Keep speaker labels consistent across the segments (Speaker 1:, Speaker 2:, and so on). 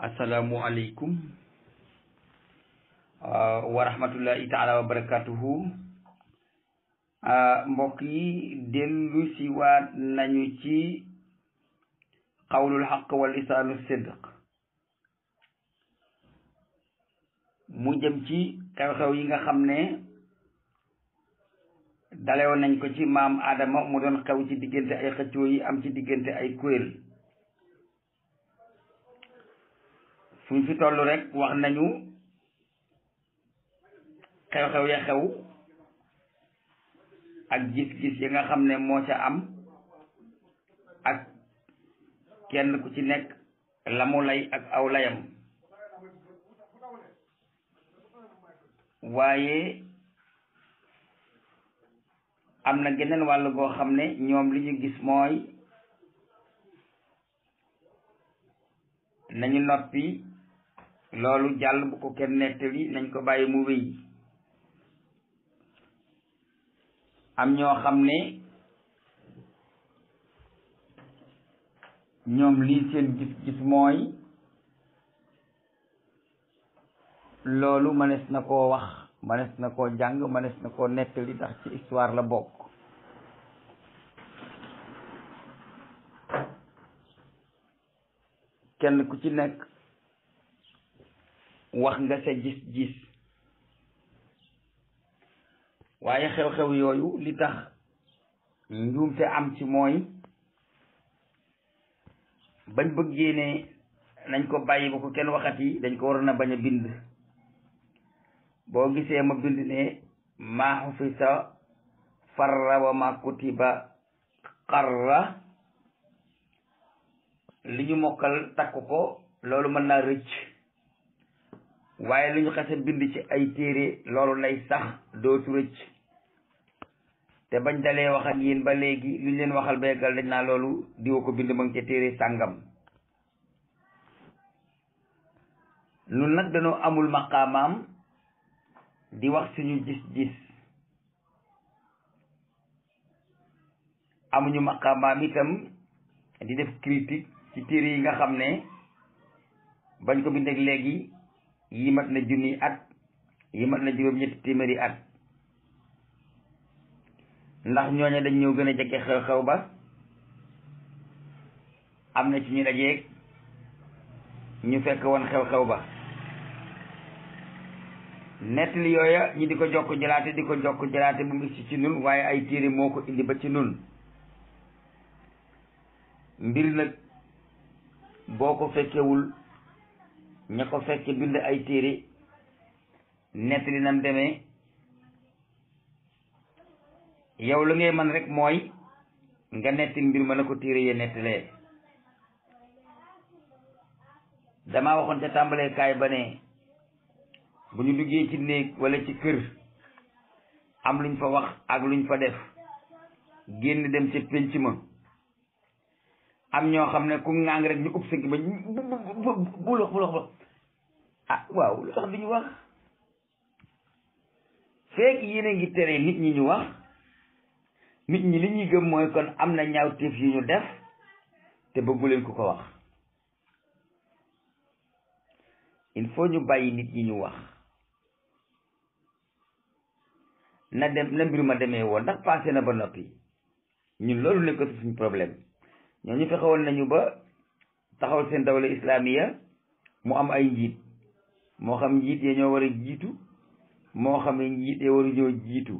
Speaker 1: asalaamualeykum uh, wa rahmatullahi taala wa barakatuhu uh, mbokk yi dellu si waat nañu ci xawlul xaq wal lisaanu sidq mu jëm ci xew-xew yi nga xam ne dalewoon nañ ko ci maam Adama mu doon xew ci diggante ay xëccoo yi am ci diggante ay kuréel fuñ fi toll rekk wax nañu xew-xew ya xew ak gis-gis yi nga xam ne moo ca am ak kenn ku ci nekk la mu lay ak aw layam waaye am na geneen wàll boo xam ne ñoom li ñu gis mooy nañu noppi loolu jàll bu ko kenn nettali nañ ko bàyyi mu wéy am ñoo xam ne ñoom lii seen gis-gis mooy loolu mënees na koo wax mënees na koo jàng mënees na koo nettali ndax ci histoire la bokk kenn ku ci nekk wax nga sa gis-gis waaye xew-xew yooyu li tax njuumte am ci mooy bañ bëggee ne nañ ko bàyyi ba ko kenn yi dañ ko waroon a bañ a bind boo gisee ma bind ne maa xufisa farra wa ma kutiba xarra li ñu mokkal takk ko loolu mën naa rëcc waaye lu ñu xase bind ci ay téere loolu lay sax dootu rëcc te bañ dalee wax ak ba léegi lu ñu leen waxal béygal dañ naa loolu diwa ko bind ma ngi ca téere sàngam nun nag dañoo amul maqaamaam di wax suñu gis-gis amuñu maqaamaam itam di def critique ci téere yi nga xam ne bañ ko bind ak léegi yi mat na junni at yi na juróom ñetti téeméeri at ndax ñooña dañ ñëw gën a jege xew-xew ba am na ci ñu dajeeg ñu fekk woon xew-xew ba nettali yooya ñi di ko jokk jëlaate di ko jokk jëlaate bu mu si ci nun waaye ay téere moo ko indi ba ci nun mbir nag boo ko fekkewul ña ko fekkee bind ay téere nettali nam demee yow la ngay man rek mooy nga netti mbir ma na ko téere ya nettalee dama waxoon ca tàmbaleekaay ba ne bu ñu duggee ci néeg walla ci kër am luñ fa wax ak luñ fa def génn dem ca pénc ma am ñoo xam ne ku ŋàng rek ñu ub sëgg ba bul wax bul wax ah waaw lu tax duñu wax fekk yéen ngi tere nit ñi ñu wax nit ñi li ñuy gëm mooy kon am na ñaawteef yu ñu def te bëgguleen ku ko wax il faut ñu bàyyi nit ñi ñu wax na dem na mbir ma demee woon ndax passé na ba noppi ñun loolu nekkatu suñu problème ñoo ñu fexewoon nañu ba taxawal seen dawla islamiya mu am ay njiit moo xam njiit ya ñoo war a jiitu moo xam ne njiit ya waru ñoo jiitu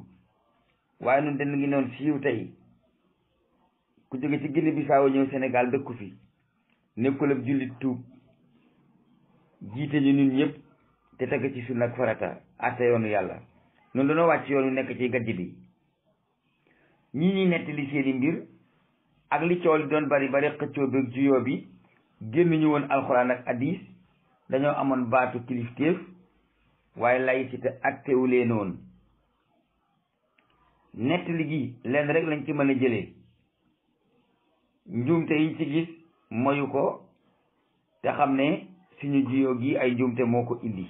Speaker 1: waaye nun den ngi noon fiiw tey ku jóge ci Guinée Bissau ñëw Sénégal dëkku fi nekkul ab jullit tuub jiite ñu ñun ñëpp te teg ci sunna ak farata atte yoonu yàlla noonu dañoo wàcc yoonu nekk ci gajj bi ñii ñuy nettali seeni mbir ak li li doon bari bari xëccoo beeg juyoo bi génn ñu woon alxuraan ak hadiis dañoo amoon baatu kilifteef waaye laïcité actewu leen woon nettali gi leen rek lañ ci mën a jëlee njuumte yi ci gis moyu ko te xam ne suñu jiyoo gi ay njuumte moo ko indi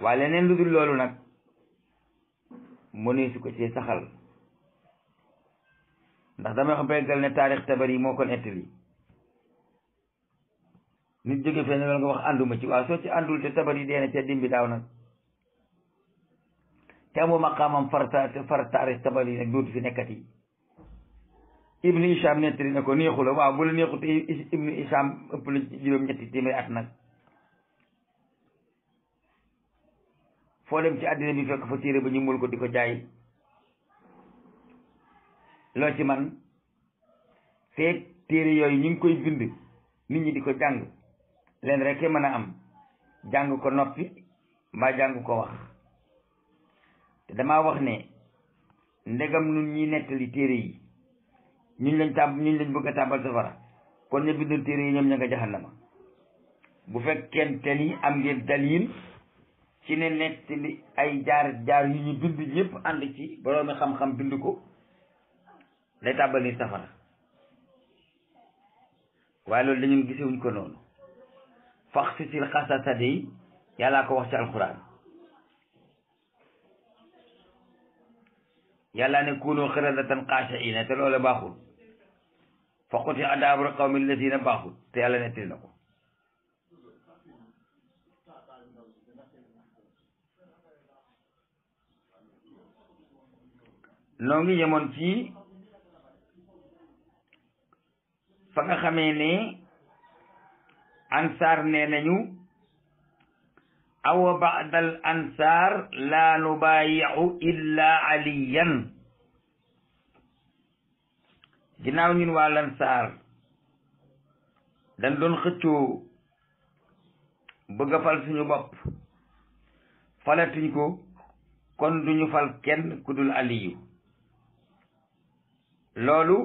Speaker 1: waaye leneen lu dul loolu nag mënee ko ci saxal ndax damay xam ne taarix tabar yi moo ko nettali nit jóge fee ne loolu nga wax ànduma ci waaw soo ci àndul te tabar yi deena ca dimbi daaw nag te amoo maqaamam farta fartaare tabar yi nag dootu fi nekkati ibnu isham nettali na ko neexu la waaw bu la te ibnu isham ëpp la juróom ñetti téeméeri at nag foo dem ci àddina bi fekk fa téere ba ñu mul ko di ko jaay loo ci man feek téere yooyu ñu ngi koy bind nit ñi di ko jàng leen rek mën a am jàng ko noppi mbaa jàng ko wax te dama wax ne ndegam nun ñi nettali téere yi ñuñ lañ tàmb ñu lañ bëgg a tàmbal safara kon ña bindul téere yi ñoom ña nga jaxannama bu fekkente ni am ngeen dalil ci ne nettali ay jaar jaar yu ñu bind ñépp ànd ci boroomi xam-xam bind ko day tàbbal ni safara waaye loolu dañu gisewuñ ko noonu faxsisil xasasa day yàllaa ko wax ci alquran yàllaa ne kunu xiradatan xaashiina te loola baaxul fa quti adaabaru qawmi alladina baaxul te yàlla nettali na ko noo ngi yemoon fa nga xamee ne ansaar nee nañu awa baadal ansaar laa nubaayiu illa aliyan ginnaaw ñun waa lansaar dañ doon xëccoo bëgg a fal suñu bopp falatuñ ko kon duñu fal kenn ku dul aliyu loolu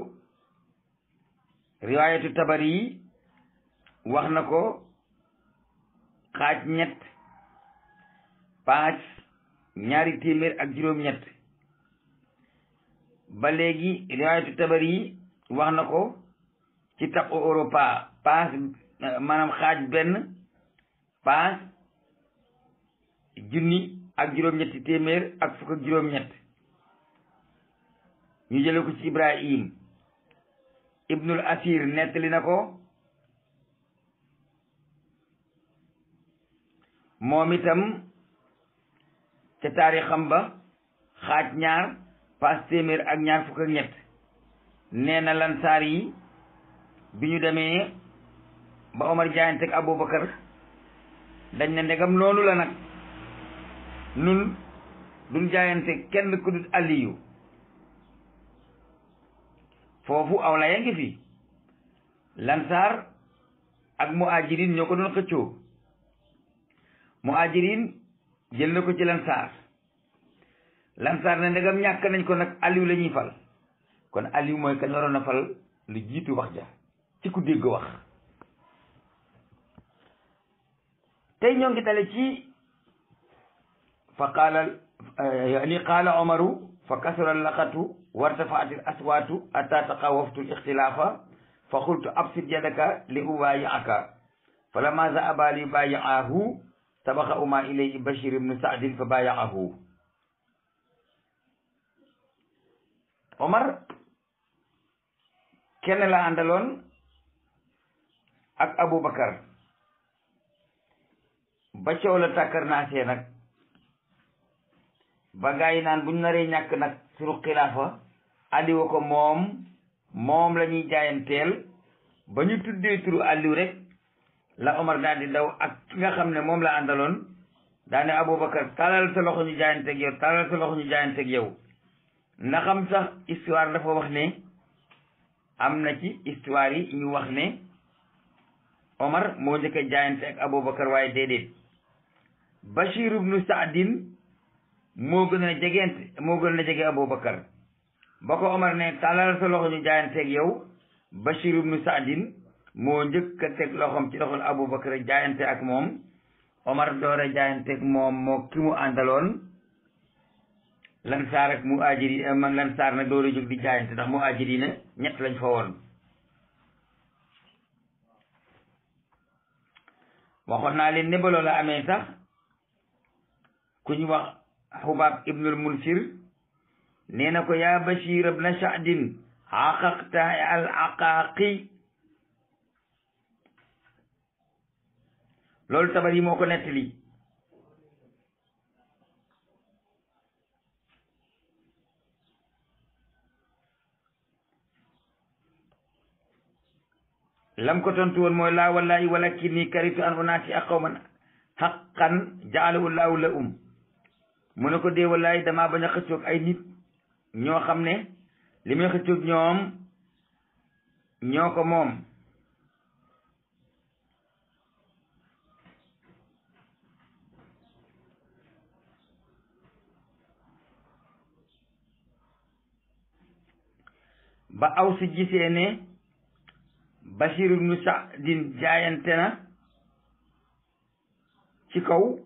Speaker 1: riwaayatu tabari yi wax na ko xaaj ñett paas ñaari téeméer ak juróom-ñett ba léegi riwaayatu tabar yi wax na ko ci tab o europa paas maanaam xaaj benn paas junni ak juróom-ñetti téeméer ak fukk ak juróom-ñett ñu jële ko ci ibrahim ibnul asir nettali na ko moom itam ca taarixam ba xaaj ñaar paas téeméer ak ñaar fukk ñett nee na lansaar yi bi ñu demee ba Omar jaayante ak dañ ne ndegam loolu la nag nun duñ jaayante kenn ku dut Aliyu foofu aw la ya ngi fi lansaar ak muhajirin ñoo ko doon xëccoo muhajirin jël na ko ci lansaar lansaar ne ndegam ñàkk nañ ko nag Aliou la ñuy fal kon Aliou mooy kañ waroon a fal lu jiitu wax ja ci ku dégg wax tey ñoo ngi dale ci fa qaala yani qaala omaru fa kasura laqatu wartafaati aswaatu atta taqawaftu lixtilaafa fa xultu absid yadaka li ubayiaka fa lama zaaba li bayaahu سبقهما إليه بشير بن سعد فبايعه Omar kenn la àndaloon ak Aboubacar ba coow la tàkkar naasee nag ba gaa naan buñ naree ñàkk nag suñu xilaafa Aliou ko moom moom la ñuy jaayanteel ba ñu tuddee turu Aliou rek la Omar daal di daw ak ki nga xam ne moom la àndaloon daane Aboubacar talal sa loxo ñu jaayanteeg yow talal sa loxo ñu jaayanteeg yow ndaxam sax histoire dafa wax ne am na ci histoire yi ñu wax ne Omar moo njëkk a jaayante ak Aboubacar waaye déedéet Bachir Saadin moo gën a jegeente a jege Aboubacar ba ko ne talal sa loxo ñu jaayanteeg yow Bachir ibnu Saadin moo njëkk a teg loxoom ci loxol Aboubacar jaayante ak moom Omar doore jaayante ak moom moo ki mu àndaloon ak mu ajir yi eh, man lan saar nag di jaayante ndax mu ajir ne ñett lañ fa woon waxoon naa leen nébaloo la amee sax ku ñu wax xubaab ibnul munfir nee na ko yaa bashir ibna shadin xaqaqta al aqaqi loolu tabar yi moo ko nettali lam ko tontu woon mooy laa wallahi walakinni karitu an unaasi ak qawman xaqan jaalahu laahu um mu ne ko dee wallahi damaa bañ a ay nit ñoo xam ne li may ñoom ñoo ko moom ba aw si gisee ne Bashir ibnu Saadin jaayante na ci kaw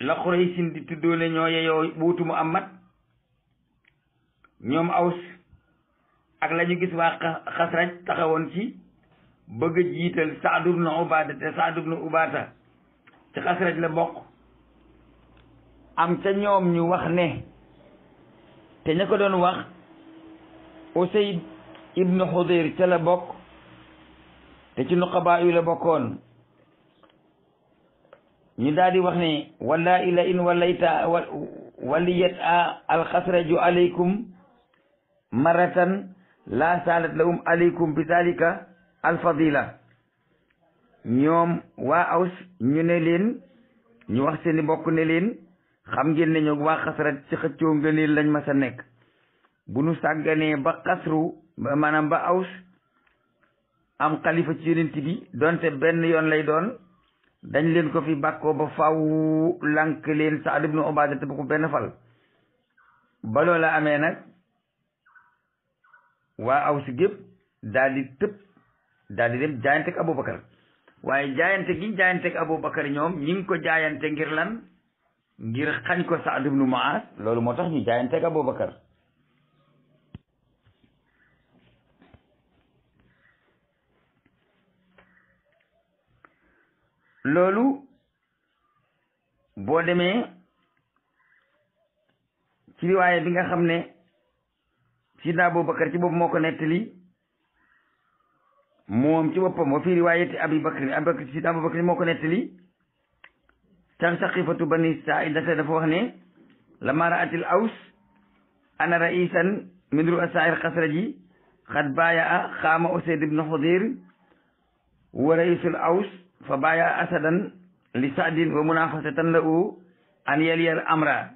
Speaker 1: la Quraysin di tuddoo ne ñoo yeyoo buutu Muhammad ñoom aws ak la ñu gis waa xasraj taxawoon ci bëgg a jiital Saad ibnu Ubaada te Saad ibnu Ubaada ci xasraj la bokk am ca ñoom ñu wax ne te ña ko doon wax Usayd ibnu Xudayr ca la bokk te ci nuqabaa yu la bokkoon ñu daal di wax ne walla ila in wallayta waliyat a alxasraju alaykum maratan la salat lahum alaykum bi dalika alfadila ñoom waa aws ñu ne leen ñu wax seeni bokk ne leen xam ngeen ne ñoo waa xasraj ci xëccoo ngëneel lañ ma a nekk bu nu sàgganee ba xasru maanaam ba aws am xalifa ci yonent bi donte benn yoon lay doon dañ leen ko fi bàkkoo ba faw lànk leen Saad ibnu Ubaada te fal ba loola amee nag waa aws gépp daal di tëb daal di dem jaayante ak Abubakar waaye jaayante gi jaayante ak Abubakar ñoom ñi ngi ko jaayante ngir lan ngir xañ ko Saad ibnu Muaaz loolu moo tax ñu jaayante ak Abubakar loolu boo demee ci riwaaye bi nga xam ne sidna abubakar ci boobu moo ko nettali moom ci boppam wa fi riwaayati abi bakrin abi bakr sidna abubakar moo ko nettali tax saqifatu bani saaidata dafa wax ne lama raatil aws ana raisan min ruasail xasraji xad baaya a xaama usayd ibnu xudir wa raisul aws fa baya asadan li sadin wa munafasatan lahu an yaliyal amra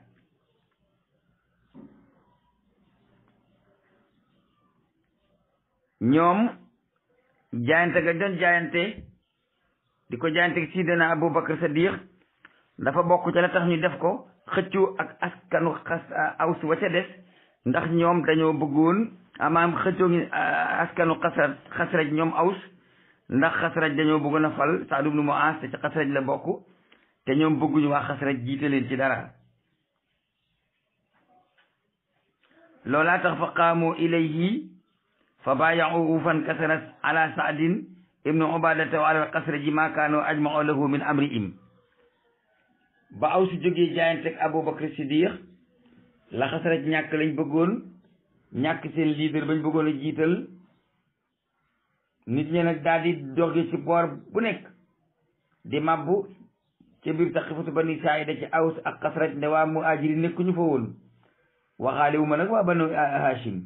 Speaker 1: ñoom jaayante ga doon jaayante di ko jaayante gi sidina abubakar sadiq dafa bokk ca la tax ñu def ko xëccu ak askanu xas aws wa ca des ndax ñoom dañoo bëggoon amaam xëccoo ngi askanu xasar xasraj ñoom aws ndax xasraj dañoo bëggoon a fal Saad ibnu Muaas te ci la bokk te ñoom bëgguñu waa xasraj jiite ci dara loolaa tax fa qaamu ilayhi fa baayaxuhu fan kasarat ala saadin ibnu ubadata wa ala xasraji ma kaanu ajmao lahu min amri im ba aw su jógee jaayanteeg Abubakar Siddiq la xasraj ñàkk lañ bëggoon ñàkk seen leader bañ bëggoon a jiital nit ñi nag daal di doge ci boor bu nekk di mabbu ca biir taqifatu bani saayida ci aws ak xasraj ne waa muhaajiri nekkuñu fa woon waxaale wu ma nag waa banu hashim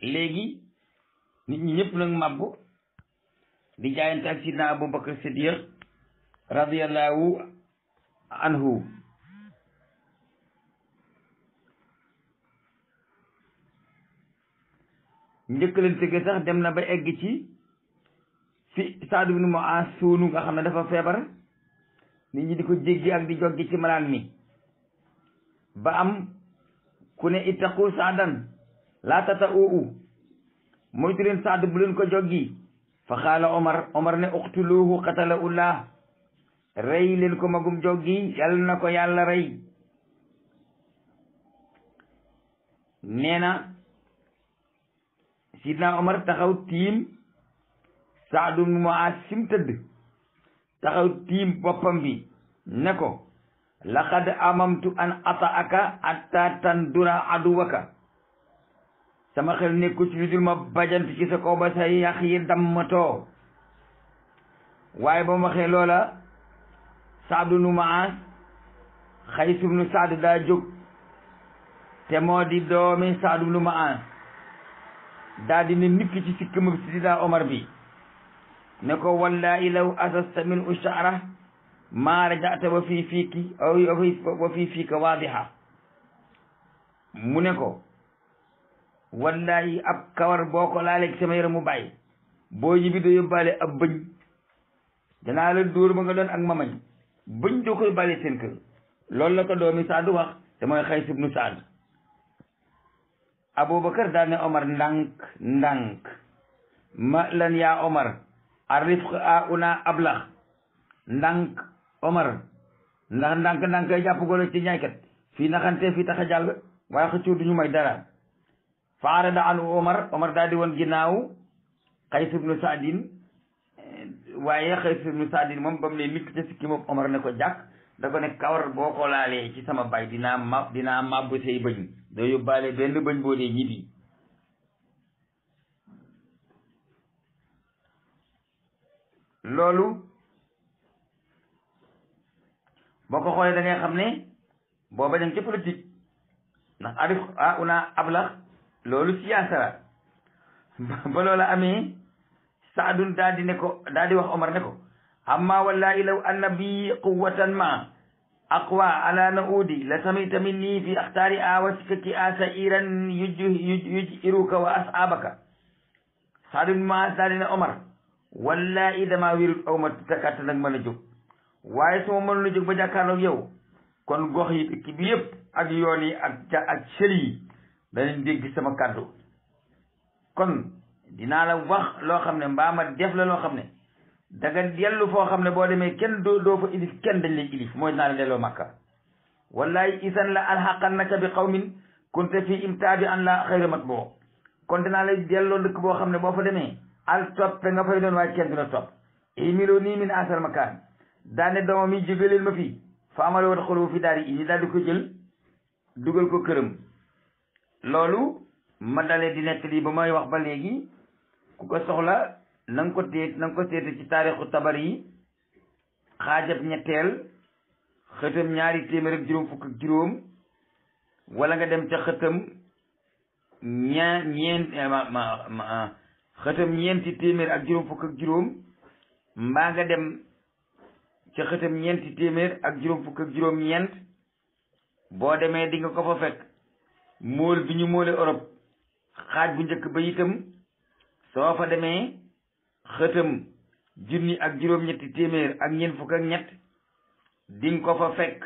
Speaker 1: léegi nit ñi ñëpp nag mabbu di jaayante ak sidna abubakar siddiq radiyallahu anhu njëkkalante gi sax dem na ba egg ci fi Saad ibn Muaaz suunu nga xam ne dafa feebar nit ñi di ko jéggi ak di joggi ci malaan mi ba am ku ne ittaqu saadan laa tata uu moytu leen Saad bu leen ko joggi fa xaala Omar Omar ne uqtuluuhu qatalahullah rey leen ko magum joggi yàlla na ko yàlla rey nee sidna omar taxaw tiim saadu mu maas sim tëdd taxaw tiim boppam bi ne ko laqad amamtu an ata aka atta aduwaka sama xel nekku ci lu dul ma bajant ci sa kaw ba sa yax yi dammatoo waaye ba ma waxee loola saadu nu maas xaysum nu saadu daa jóg te moo di doomi saadu nu maas daa di ne nit ki ci sikkim bi sidina Omar bi ne ko wallahi law asasta min u sha'ra maa raja'ta wa fii fiiki wa fii fiika waadiha mu ne ko wallahi ab kawar boo ko laaleeg sama yaram mu bàyyi boo ñibbi doo yóbbaale ab bëñ danaa la dóor ba nga doon ak mamañ bëñ doo ko yóbbaale seen kër loolu la ko doomi Saadu wax te mooy Xays ibnu Saad abubakar daal ne omar ndànk ndànk ma lan yaa omar arifq a una ablax ndànk omar ndax ndànk ndànk jàpp golo ci ñaaykat fii naxante fii tax a jàll waaye xëccoo duñu may dara faara da anu omar omar daal di woon ginnaaw xays ibnu saadin waaye xays ibnu saadin moom ba mu ne likk ca sikki moom omar ne ko jàkk da ko ne kawar boo ko ci sama bay dinaa ma dinaa màbb say bëñ doo yóbbaale benn bëñ boo dee ñibbi loolu boo ko xoolee da ngay xam ne booba dem ci politique ndax arif a una ablax loolu siyaasa la ba loola amee saadun daal di ne ko daal di wax Omar ne ko amma wallahi law anna bi ma أقوى على نؤودي لسمعت مني في أختار آوسكك آسائرا يجئرك وأصحابك سعد ما سالنا عمر ولا إذا ما wérul aw ma takkaat nag mën a jóg waaye su ma mënul a jóg ba jàkkaarloog yow kon gox yi dëkk bi yëpp ak yoon yi ak ja ak sël yi danañ dégg sama kàddu kon dinaa la wax loo xam ne mbaa ma def la loo xam ne da nga dellu foo xam ne boo demee kenn doo doo fa ilif kenn dañ lay ilif mooy naa la delloo makka wallahi isan la alxaqannaka bi qawmin kunte fi imtaabi an la xayra boo kon dinaa lay delloo dëkk boo xam ne boo fa demee al toppe nga fay doon waaye kenn du la topp imilo nii min asar makaan daane doomam yi jóge leen ma fii fa amalo wat xolu fi daari ini daal di ko jël dugal ko këram loolu ma dalee di nekk lii ba may wax ba léegi ku ko soxla nan ko téye na nga ko seete ci taarixu tabari yi xaajab ñetteel xëtam ñaari téeméer ak juróom fukk ak juróom wala nga dem ca xëtam ñaa ñeent eh, ah, xëtam ñeenti téeméer ak juróom fukk ak mbaa nga dem ca xëtam ñeenti téeméer ak juróom fukk ak juróom ñeent boo demee dinga nga ko fekk mool bi ñu moole Europe xaaj bu njëkk ba itam soo fa demee xëtam junni ak juróom-ñetti téeméer ak ñeent fukk ak ñett diñ fa fekk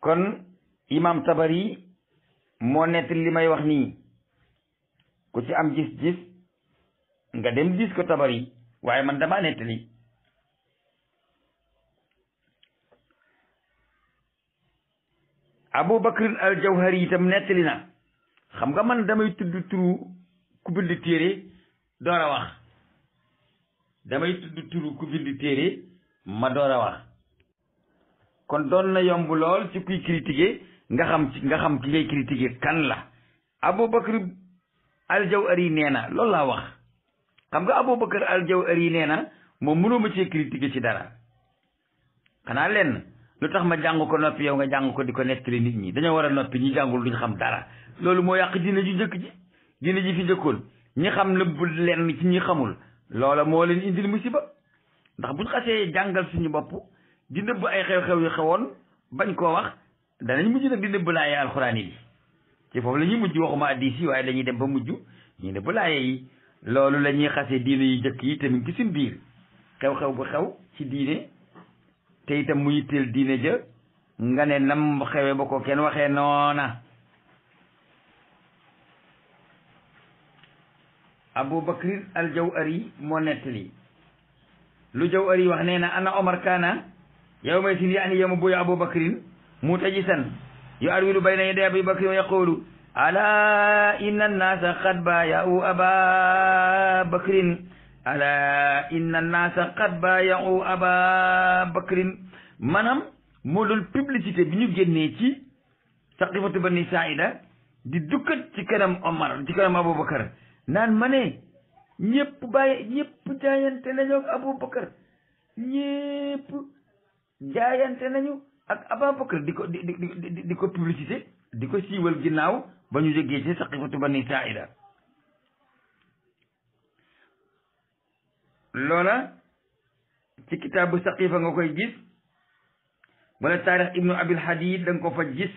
Speaker 1: kon imam tabari moo nett li may wax nii ku ci am gis-gis nga dem gis ko tabari waaye man dama nett li abu al jawhari itam nettali na xam nga man damay tudd turu ku bind téere door a wax damay tudd turu ku bind téere ma door a wax kon doon na yomb lool ci kuy critiquer nga xam ci nga xam ki ngay critiquer kan la Aboubacar Al-Jawhari nee na loolu laa wax xam nga Aboubacar aljaw jawhari nee na moom mënoo ma cee critiquer ci dara xanaa lenn lu tax ma jàng ko noppi yow nga jàng ko di ko nettali nit ñi dañoo war a noppi ñi jàngul ñu xam dara loolu moo yàq dina ju njëkk ji diine ji fi njëkkoon ñi xam nëbbu lenn ci ñi xamul loola moo leen indi indil musiba ndax buñ xasee jàngal suñu bopp di nëbb ay xew-xew yu xewoon bañ koo wax danañ mujj nag di nëbb laaye alxuraan yi ci foofu la mujj waxuma addis yi waaye dañuy dem ba mujj ñu nëbb laaye yi loolu lañuy ñuy xasee diine yu njëkk yi tamit ci suñ biir xew-xew bu xew ci diine te itam mu yitteel diine ja nga ne nam xewee ba kenn waxee noona abu bakrin aljawari moo nettali lu jawari wax nee na ana omar kana yawma sin yani yawma buya abu bakrin mutajisan yu arwilu bayna yaday abi bakrin wa yaqulu ala inna annasa qad baya'u aba bakrin ala inna annasa qad baya'u aba bakrin maanaam moo doon publicité saqifatu bani saida di dukkat ci kanam omar ci kanam aboubacar naan ma ne ñëpp bàyyi ñëpp jaayante nañu ak Aboubacar ñëpp jaayante nañu ak Aboubacar di ko di di di ko publicité di ko siiwal ginnaaw ba ñu jógee ci saqifatu bani saa'ida loola ci kitaabu saqifa nga koy gis wala taarix ibnu abil hadid da nga ko fa gis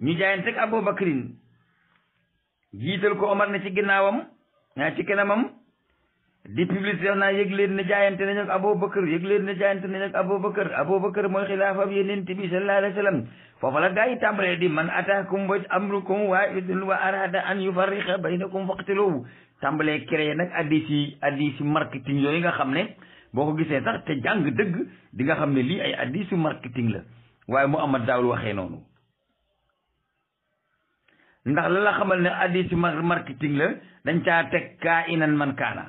Speaker 1: ñu jaayanteeg Abubakrin jiital ko Omar na ci ginnaawam naa ci kanamam di publicité wax naa yëg leen jaayante nañu ak Abubakar yëg leen ne jaayante nañu ak Abubakar Abubakar mooy xilaafam yonent bi sallallahu alayhi wa sallam foofu tàmbalee di man ataakum wa amrukum waa'idun wa arada an yufarriqa baynakum faqtuluhu tàmbalee créé nag addis yi addis yi marketing yooyu nga xam ne boo ko gisee sax te jàng dëgg di nga xam ne lii ay addisu marketing la waaye Muhammad daawul waxee noonu ndax la la xamal ne hadisu marketing la dañ caa teg kaa inan man kaana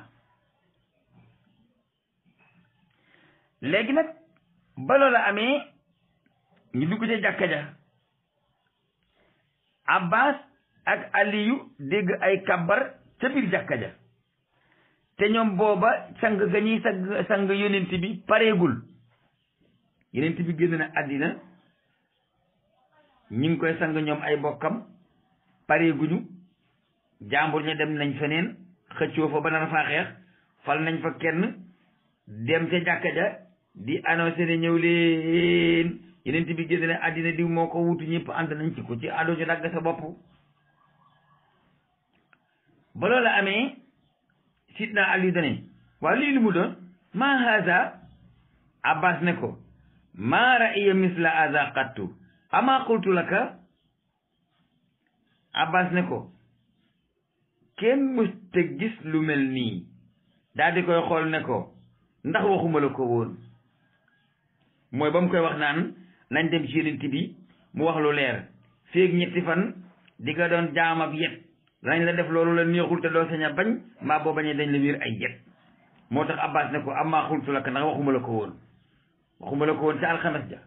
Speaker 1: léegi nag ba loola amee ñu dugg ca jàkka ja abbas ak aliyu dégg ay kabar ca biir jàkka ja te ñoom booba sang ga sang sang yonent bi pareegul yonent bi génn na àddina ñu ngi koy sang ñoom ay bokkam paree guñu jàmbur dem nañ feneen xëccoo fa ba nar faa fal nañ fa kenn dem ca jàkka ja di annoncé ne ñëw leen yeneen bi génn na àddina diw moo ko wutu ñëpp ànd nañ ci ko ci àddoo ci dagg sa bopp ba loola amee sidna ali dane waaw lii lu mu doon ma haza abbas ne ko ma ra'iya misla haza qattu ama qultu laka abbas ne ko kenn mësta gis lu mel nii daal di koy xool ne ko ndax waxuma la ko woon mooy ba mu koy wax naan nañ dem ci yonent bi mu wax lu leer féeg ñetti fan di nga doon jaam ab yet danañ la def loolu la neexul a bañ mbaa dañ la wiir ay yet moo tax abbas ne ko amma xultu la ko ndax waxuma ko woon waxuma la ko woon ca alxames ja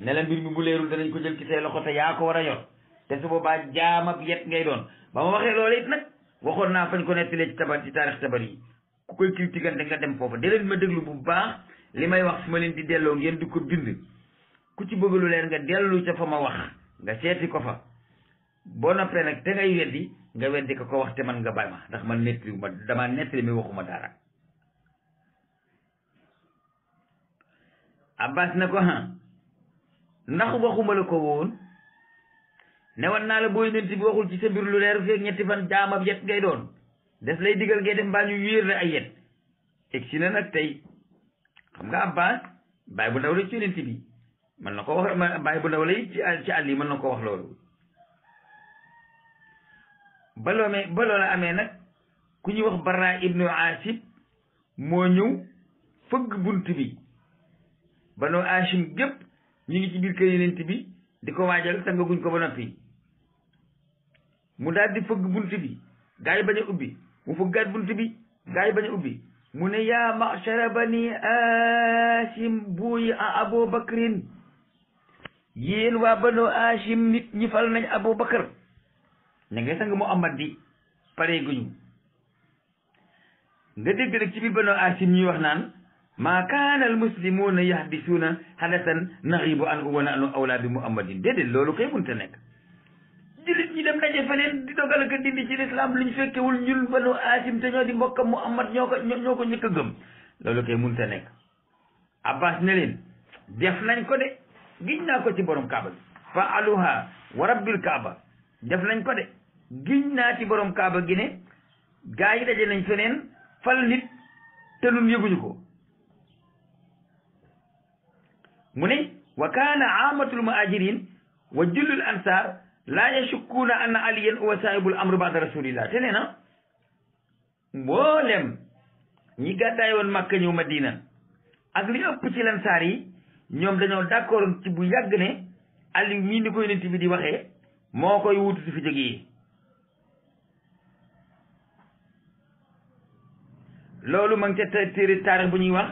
Speaker 1: ne mbir mi bu leerul danañ ko jël ci say loxo te yaa ko war a yor te su boobaa jaam ak yet ngay doon ba ma waxee loolu it nag waxoon naa fañ ko nettalee ci tabar ci taarix tabar yi ku koy critiquante nga dem foofa di leen ma déglu bu baax li may wax su ma leen di delloo ngeen di ko bind ku ci bëgg lu leer nga dellu ca fa ma wax nga seeti ko fa boo noppee nag te ngay weddi nga weddi ko ko wax te man nga bay ma ndax man nettali ma damaa nettali mi waxuma dara abbas na ko ha ndax waxuma la ko woon newoon naa la booy yonent bi waxul ci sa mbir lu leer feeg ñetti fan jaamab yet ngay doon def lay digal ngay dem mbaa ñu wéer la ay yet egsi na nag tey xam nga Abbas bàyyi bu ndaw bi mën na ko wax bàyyi bu ndaw la it ci àll yi mën na koo wax loolu ba loomee ba amee nag ku ñuy wax Barra ibnu Asib moo ñëw fëgg bunt bi Banu Hashim gépp ñu ngi ci biir kër yonent bi di ko waajal guñ ko ba noppi mu daal di fëgg bunt bi gaa yi ubbi mu fëggaat bunt bi gaa yi ubbi mu ne yaa machara bani aachim buuy a abubakrin yéen waa banu aachim nit ñi fal nañ abubakar ña ngay sang muhammad bi pare guñu nga dégg rek ci biir banu aachim ñuy wax naan maa kaana al muslimuuna yahdisuuna hadasan naxibu an uwa na anu awlaa bi muhammadin déedéet loolu kay munta nekk jullit ñi dem daje feneen di dogal ak dindi ci lislaam lu ñu fekkewul ñun banu Haasim te ñoo di mbokkam Muhammad ñoo ko ñoo ko ñu a gëm loolu kay mënut a nekk Abbas ne leen def nañ ko de giñ naa ko ci borom kaaba gi fa aluha wa rabbil kaaba def nañ ko de giñ naa ci borom kaaba gi ne gaa yi daje nañ feneen fal nit te nun yëguñu ko mu ne wa kaana amatul muhajirin wa jullul ansar laa yashukkuuna anna aliyan huwa bul amr baada rasulillah te nee na mboolem ñi gàddaay woon màkka ñëw madina ak li ëpp ci lan yi ñoom dañoo d'accord ci bu yàgg ne ali mii ni ko yonent bi di waxee moo koy wutu si fi jógee loolu ma ngi ca téere taarix bu ñuy wax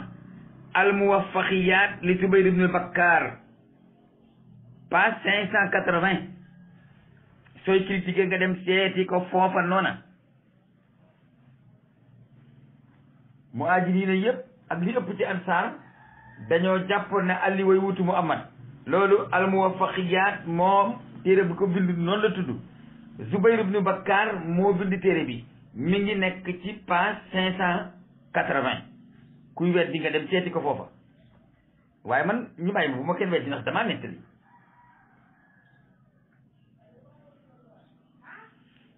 Speaker 1: al muwafaqiyaat li Zubayr ibn Bakkar page cinq cent quatre-vingt sooy critiquer nga dem seeti ko foofa noona mu aajiriina yëpp ak li ëpp ci ansaar dañoo jàppoon ne ali way wutu muhammad loolu almuwafaqiyaat moom téere bu ko bind noonu la tudd Zubayr ibnu Bakkaar moo bind téere bi mi ngi nekk ci page cinq cent quatre-vingt kuy weddi nga dem seeti ko foofa waaye man ñu bàyyi ma bu ma kenn weddi ndax damaa nettali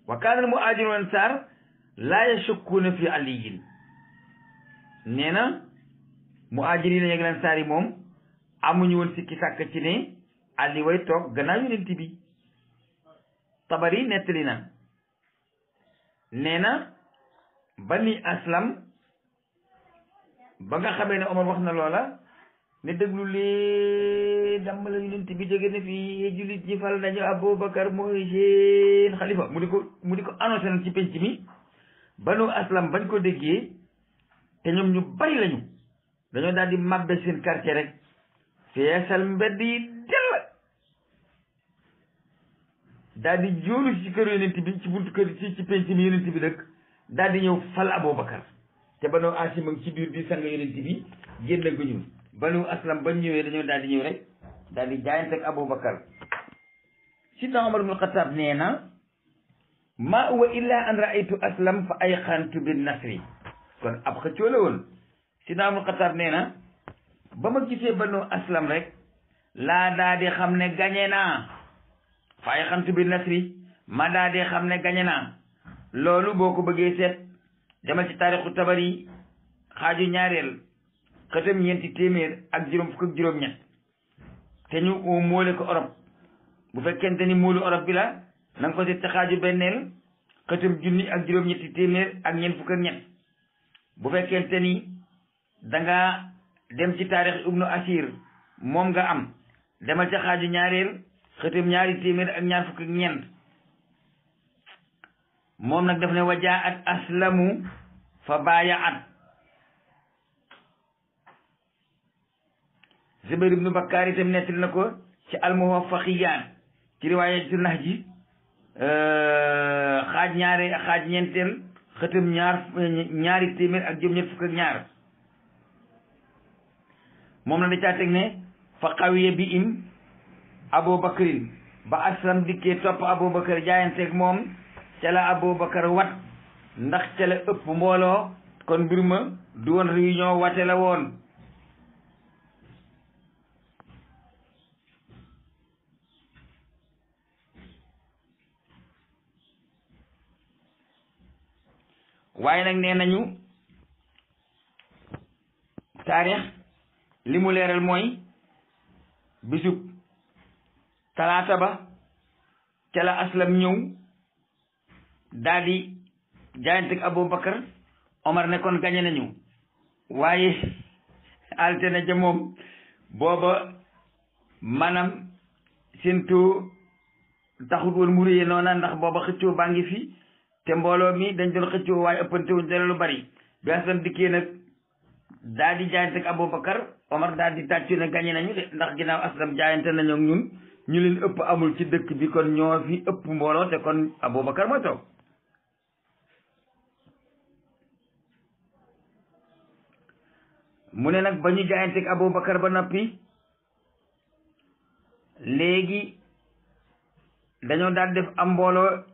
Speaker 1: wa kaana al-muhaajiruuna wal ansaar laa yashukkuuna fi aliyyin nee na muhaajiriin yi ak ansaar yi moom amuñu woon sikki sàkk ci ne Ali way toog gannaaw yonent bi Tabari nettali na nee na bani aslam ba nga xamee ne Omar wax na loola ne déglu leen dàmm la yonent bi jóge na fii jullit ñi fal nañu Aboubacar mooy seen xalifa mu di ko mu di ko annoncé nag ci penc mi banu aslam bañ ko déggee te ñoom ñu bari lañu dañoo daal di màbbe seen quartier rek feesal mbedd yi dell daal di ci kër yonent bi ci buntu kër ci ci penc mi yonent bi dëkk daal di ñëw fal Aboubacar te banu asim ci biir bi sang yonent bi génn gu banu aslam ba ñëwee dañoo daal di ñëw rek daal di jaayante ak aboubacar sidna omar ibnul xataab na ma huwa illa an raaytu aslam fa ay xantu bin nasri kon ab xëccoo la woon sidna omar ibnul xataab nee na ba ma gisee banu aslam rek laa daa di xam ne gañe naa fa ay xantu bin nasri ma daa di xam ne gañe naa loolu boo ko bëggee seet demal ci taarixu tabari xaaju ñaareel xëtam ñeenti téeméer ak juróom fukk ak juróom-ñett te ñu moole ko orop bu fekkente ni moolu orop bi la na nga ko seet xaaju benneel xëtam junni ak juróom-ñetti téeméer ak ñeent fukk ak bu fekkente ni danga nga dem ci taarix ibnu asir moom nga am demal ca xaaju ñaareel xëtam ñaari téeméer ak ñaar fukk ak moom nag daf ne at aslamu fa baaya at Zubayr ibnu Bakkaar itam nettali na ko ci almuwafaqiyaan ci riwaayat nax ji euh, xaaj ñaari xaaj ñeenteel xëtam ñaar ñaari téeméer ak juróom-ñett fukk ak ñaar moom la da caa teg ne fa xawiya bi im Abubakrin ba aslam dikkee topp Abubakar jaayanteeg moom ca la Abubakar wat ndax ca la ëpp mbooloo kon mbir ma du woon réunion wate la woon waaye nag nee nañu taarix li mu leeral mooy bisub talaata ba ca la ñëw daal di jaayanteeg Aboubacar Omar ne kon gañe nañu waaye altine ja moom booba maanaam seen taux taxut woon mu réyee noona ndax booba xëccoo baa ngi fi te mbooloo mi dañ doon xëccoo waaye ëppante wuñ lu bari bi Asan dikkee nag daal di jaayante ak Omar daal di tàccu ne gañe nañu de ndax ginnaaw Asan jaayante nañu ñun ñu leen ëpp amul ci dëkk bi kon ñoo fi ëpp mbooloo te kon Aboubacar mooy toog mu ne nag ba ñu jaayante ak ba noppi léegi dañoo daal def am mbooloo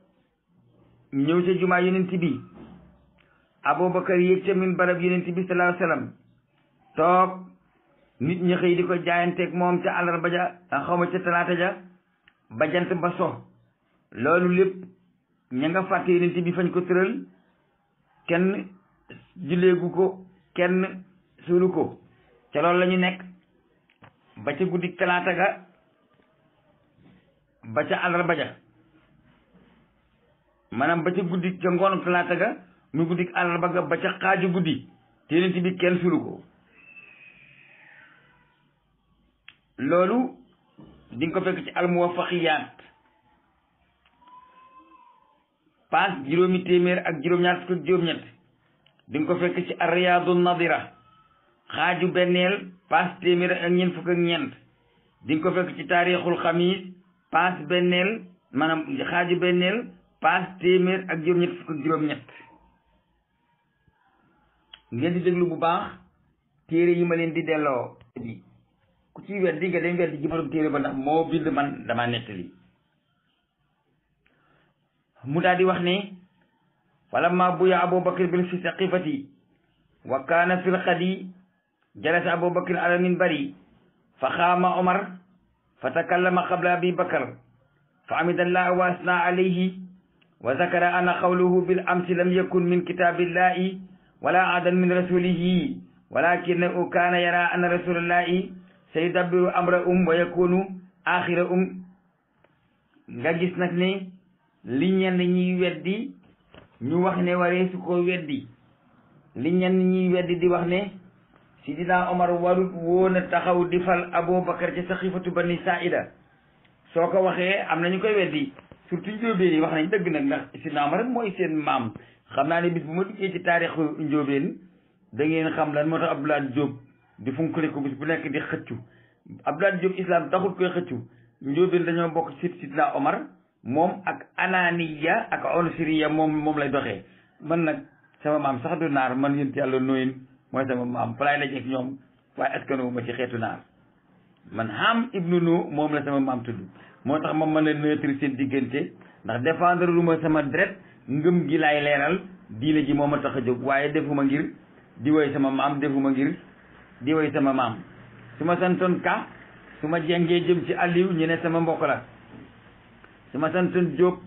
Speaker 1: ñëw ca jumaa yonent bi Aboubacar yéeg ca min barab yonent bi sallallahu alayhi wasallam toog nit ñi di ko jaayanteeg moom ca àllarba ja xaw ma ca talaata ja ba jant ba so loolu lépp ña nga fàtte yonent bi fañ ko tëral kenn julleegu ko kenn suulu ko ca loolu la ñu nekk ba ca guddi talaata ga ba ca àllarba ja maanaam ba ca guddi ca ngoonu talaata ga mu guddi àllarba ga ba ca xaaju guddi te bi kenn sulu ko loolu di ko fekk ci almuwafaqiyaat paas juróomi téeméer ak juróom-ñaar fukk ak juróom-ñett di ko fekk ci arriyaadu nadira xaaju benneel paas téeméer ak ñeent fukk ak ñeent di ko fekk ci taarixul xamiis paas benneel maanaam xaaju benneel téeméer ak juróom-ñett fukk ngeen di déglu bu baax téere yi ma leen di delloo bi ku ci weddi nga dem weddi ji borom téere ba ndax moo bind man dama nettali mu daal di wax ne falamma buya abubakar bin fi saqifati wa kaana fil xadi jalasa abubakar ala min bari fa xaama omar fa takallama qabla abi bakar fa amidallah wa asna alayhi wa zakara ana qawluhu bil amsi lam yakun min kitabillahi wala adan min rasulihi walakinahu kana yara anna rasulallahi sayudabbiru amrahum wa yakunu axirahum nga gis nag ne li ñenn ñiy weddi ñu wax ne waree su ko weddi li ñenn ñiy weddi di wax ne sidina omar warut woon a taxaw di abubakar ca saxifatu bani saida soo ko waxee am na ñu koy weddi surtout njóobeen yi wax nañ dëgg nag ndax Sidna Omar mooy seen maam xam naa ne bis bu ma duggee ci taarixu njóobeen da ngeen xam lan moo tax Abdoulaye Diop di funkale ko bis bu nekk di xëccu Abdoulaye Diop islam taxul koy xëccu njóobeen dañoo bokk ci Sidna Omar moom ak ananiya ak onsiriya moom moom lay doxee man nag sama maam sax du naar man yéen yàlla nooyin mooy sama maam ñoom waaye askanu ma ci xeetu naar man ham ibnu moom la sama maam tudd moo tax ma mën na neutre seen diggante ndax défendre lu ma sama dret ngëm gi laay leeral diine ji moo ma tax a jóg waaye defuma ngir di woy sama maam defuma ngir di woy sama maam su ma santoon ka su ma jàngee jëm ci Aliou ñu ne sama mbokk la su ma santoon Diop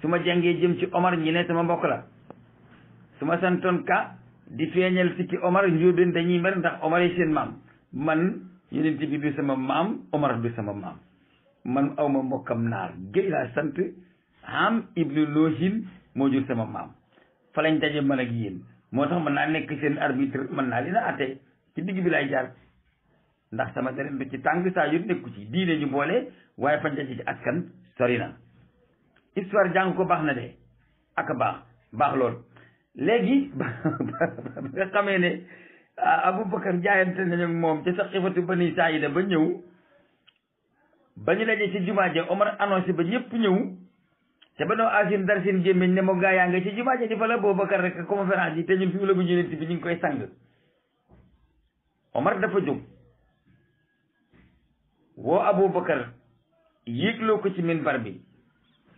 Speaker 1: su ma jàngee jëm ci Omar ñu ne sama mbokk la su ma santoon ka di feeñal sikki Omar njóobeen dañuy mer ndax Omar yi seen maam man yonent bi du sama maam Omar du sama maam man awma mbokkam naar géy laa sant ham ibnu loohin moo jur sama maam fa lañ daje man ak yéen moo tax mën naa nekk seen arbitre man naa leen a atte ci digg bi lay jaar ndax sama deret du ci tàng saa yu nekku ci diine ñu boole waaye fañ daje ci askan sori na histoire jàng ko baax na de ak baax baax lool léegi ba nga xamee ne Aboubacar jaayante nañu moom ca sa xifatu bani saayida ba ñëw ba ñu dajee ci jumaa ja Omar annoncé ba ñëpp ñëw te ba noo asin dar seen gémmiñ ne moo gaa yaa nga ci jumaa ja di fa la Boubacar rek conférence yi te ñun fi bi ñu ngi koy sang Omar dafa jóg woo Aboubacar yéegloo ko ci minbar bi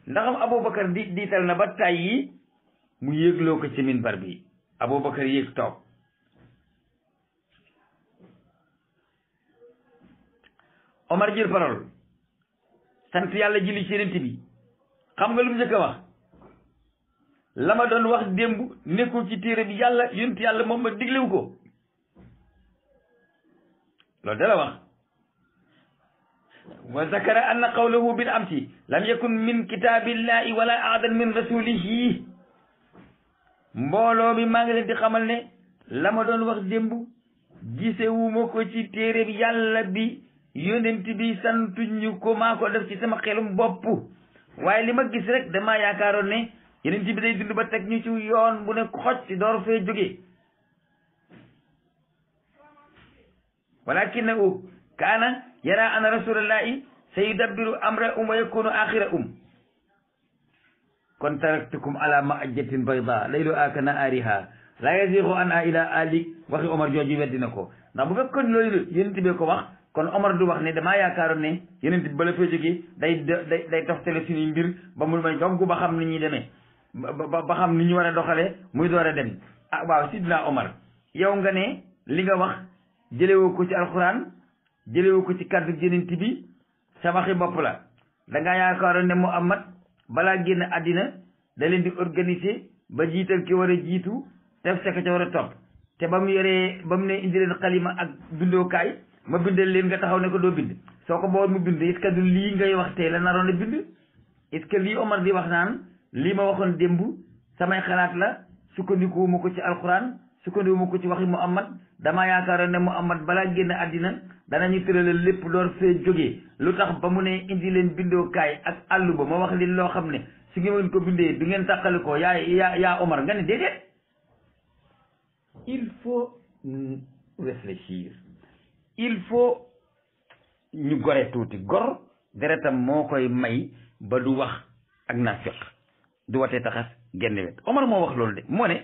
Speaker 1: ndaxam Aboubacar di diital na ba tay mu yéegloo ko ci bar bi Aboubacar yéeg toog Omar jël parole sant yàlla julli ci yonent bi xam nga lu mu njëkk wax la doon wax démb nekkul ci téere bi yàlla yonent yàlla moom ma diglewu ko loolu da wax wa zakara anna qawlahu bil amsi lam yakun min kitaabillahi wala aadan min rasulihi mbooloo bi maa ngi leen xamal ne la doon wax démb gisewuma ko ci téere bi yàlla bi yonent bi santuñu ko maa ko def ci sama xelum bopp waaye li ma gis rek damaa yaakaaroon ne yonent bi day dund ba ñu ci yoon bu ne xoj ci door fee jóge walakinahu kaana yara ana rasulallahi sa yudabbiru amra um wa yakunu axira um kon taraktukum ala ma'ajjatin bayda layluha ka nahaariha laa yaziigu anhaa illaa haalik waxi Omar jooju weddi na ko ndax bu fekkoon loolu yonent bi ko wax kon Omar du wax ne damaa yaakaaroon ne yeneen bi bala fee jógee day day day toftale suñuy mbir ba mu may dogg ba xam ni ñuy demee ba ba xam ni ñu war a doxalee muy door a dem ah waaw sidna Omar yow nga ne li nga wax jëlewoo ko ci alxuraan jëlewoo ko ci kàddu yeneen bi sa waxi bopp la dangaa yaakaaroon ne Muhammad balaa génn àddina da leen di organiser ba jiital ki war a jiitu def sa ca war a topp te ba mu yoree ba mu ne indi leen xalima ak dundookaay ma bindal leen nga taxaw ne ko doo bind soo ko boo mu bind est du lii ngay wax tey la naroon a bind est lii Omar di wax naan lii ma waxoon démb samay xalaat la sukkandikuwuma ko ci alxuraan sukkandikuwuma ko ci waxi Muhammad damaa yaakaaroon ne Muhammad balaa génn àddina danañu tëralal lépp door fee jógee lu tax ba mu ne indi leen bindookaay ak àll ba ma wax leen loo xam ne su ngeen ko bindee du ngeen tàqali ko yaa yaa yaa Omar nga ne déedéet il faut ñu gore tuuti gor deretam moo koy may ba du wax ak naafiq du watee taxas genn wet Omar moo wax loolu de moo ne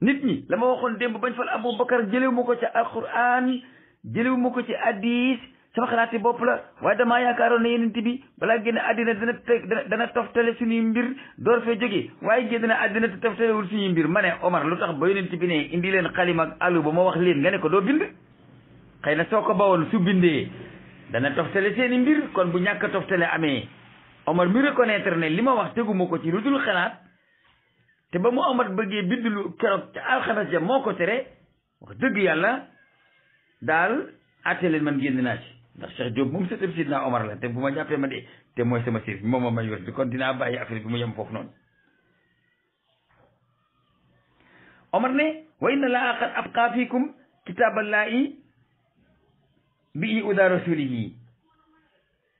Speaker 1: nit ñi la ma waxoon démb bañ fal Abu Bakar jëlewu ma ko ca alquran jëlewu ma ko ci hadis sama xalaati bopp la waaye damaa yaakaaroon ne yenent bi balaa génn àddina dana dana toftale suñuy mbir door fee jógee waaye génn na àddina te toftalewul suñuy mbir ma ne Omar lu tax ba yenent bi ne indi leen xalima ak alu ba ma wax leen nga ne ko doo bind xëy na soo ko bawoon su bindee dana toftale seeni mbir kon bu ñàkk toftale amee Omar mi reconnaître ne li ma wax teguma ko ci lu dul xalaat te ba mu Omar bëggee bind lu keroog ca alxames ja moo ko tere wax dëgg yàlla daal àtte leen man génn naa ci ndax Cheikh Diop moom sëtëb Sidna Omar la te bu ma jàppee ma de te mooy sama sëriñ moom ma may wér bi kon dinaa bàyyi affaire bi mu yem foofu noonu laa qad bi i uda rasulihi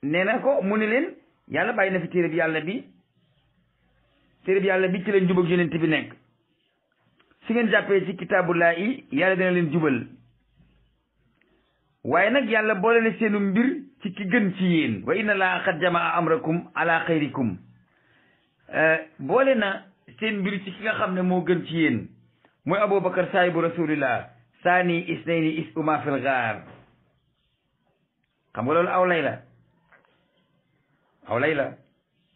Speaker 1: nee na ko mu ne leen yàlla bàyyi na fi téere bi yàlla bi téere bi yàlla bi ci leen jubag yonent bi nekk si ngeen jàppee ci kitaabullaahi yàlla dina leen jubal waaye nag yàlla boole na seenu mbir ci ki gën ci yéen wa inna laa xad jamaa amrakum ala xayrikum boole na seen mbir ci ki nga xam ne moo gën ci yéen mooy aboubacar saahibu rasulillah saani isnayni is uma fil gaar xam nga loolu aw lay la aw lay la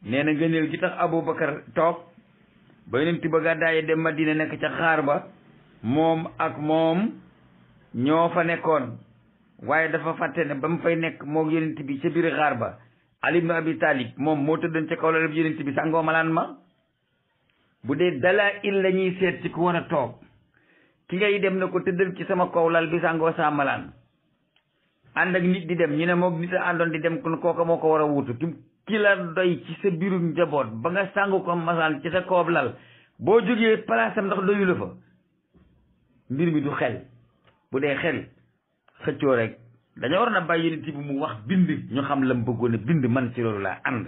Speaker 1: nee na ngëneel gi tax Aboubacar toog ba yonent ba gàddaaye dem ma Madina nekk ca xaar ba moom ak moom ñoo fa nekkoon waaye dafa fàtte na ba mu fay nekk moo yonent bi ca biir xaar ba Ali ibn Abi Talib moom moo tëddoon ca kaw lalab yonent bi sàngoo malaan ma bu dee dalaa il la ñuy seet ci ku war a toog ki ngay dem na ko tëddal ci sama kaw lal sa sàngoo saa malaan ànd ak nit di dem ñi ne moom nit a àndoon di dem kon kooka moo ko war a wutu ki ki la doy ci sa biiru njaboot ba nga sàngu ko masaan ci sa koob lal boo jógee palaasam ndax doyu fa mbir mi du xel bu dee xel xëccoo rek dañoo war na bàyyi nit bi mu wax bind ñu xam lam bëggoon a bind man ci loolu laa ànd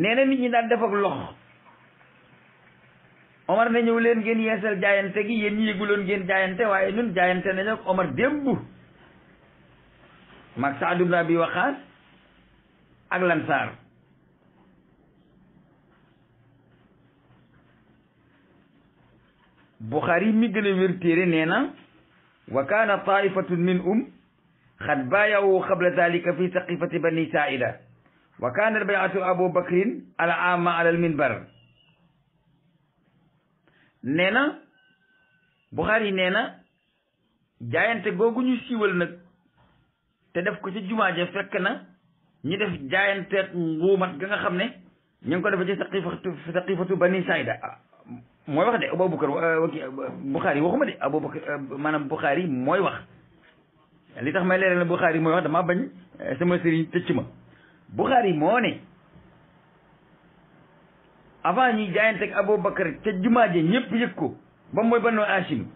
Speaker 1: nee na nit ñi daan def ak lox Omar ne ñëw leen ngeen yeesal jaayante gi yéen ñi yëguloon ngeen jaayante waaye ñun jaayante nañu ak Omar démb mag Saad ibn Abi Waqaas ak Lansaar Buxaari mi gën a wér téere nee na wa kaana taifatun minhum xad baayawu qabla dalika fi saqifati bani saaida wa kaana albayatu abu bakrin al aama ala alminbar nee na yi nee na jaayante googu ñu siiwal nag te def ko ci jumaa ja fekk na ñi def jaayanteeg nguumat ga nga xam ne ñu ngi ko defee ci saqifatu saqifatu bani sayda ah, mooy wax de Abubakar euh, Buxaari waxuma de Abubakar euh, maanaam Buxaari mooy wax li tax may leeral na Buxaari mooy wax damaa bañ euh, sama sëriñ tëcc ma Buxaari moo ne avant ñuy jaayante ak Aboubacar ca jumaa ja ñëpp yëg ko ba mooy Banu Hashim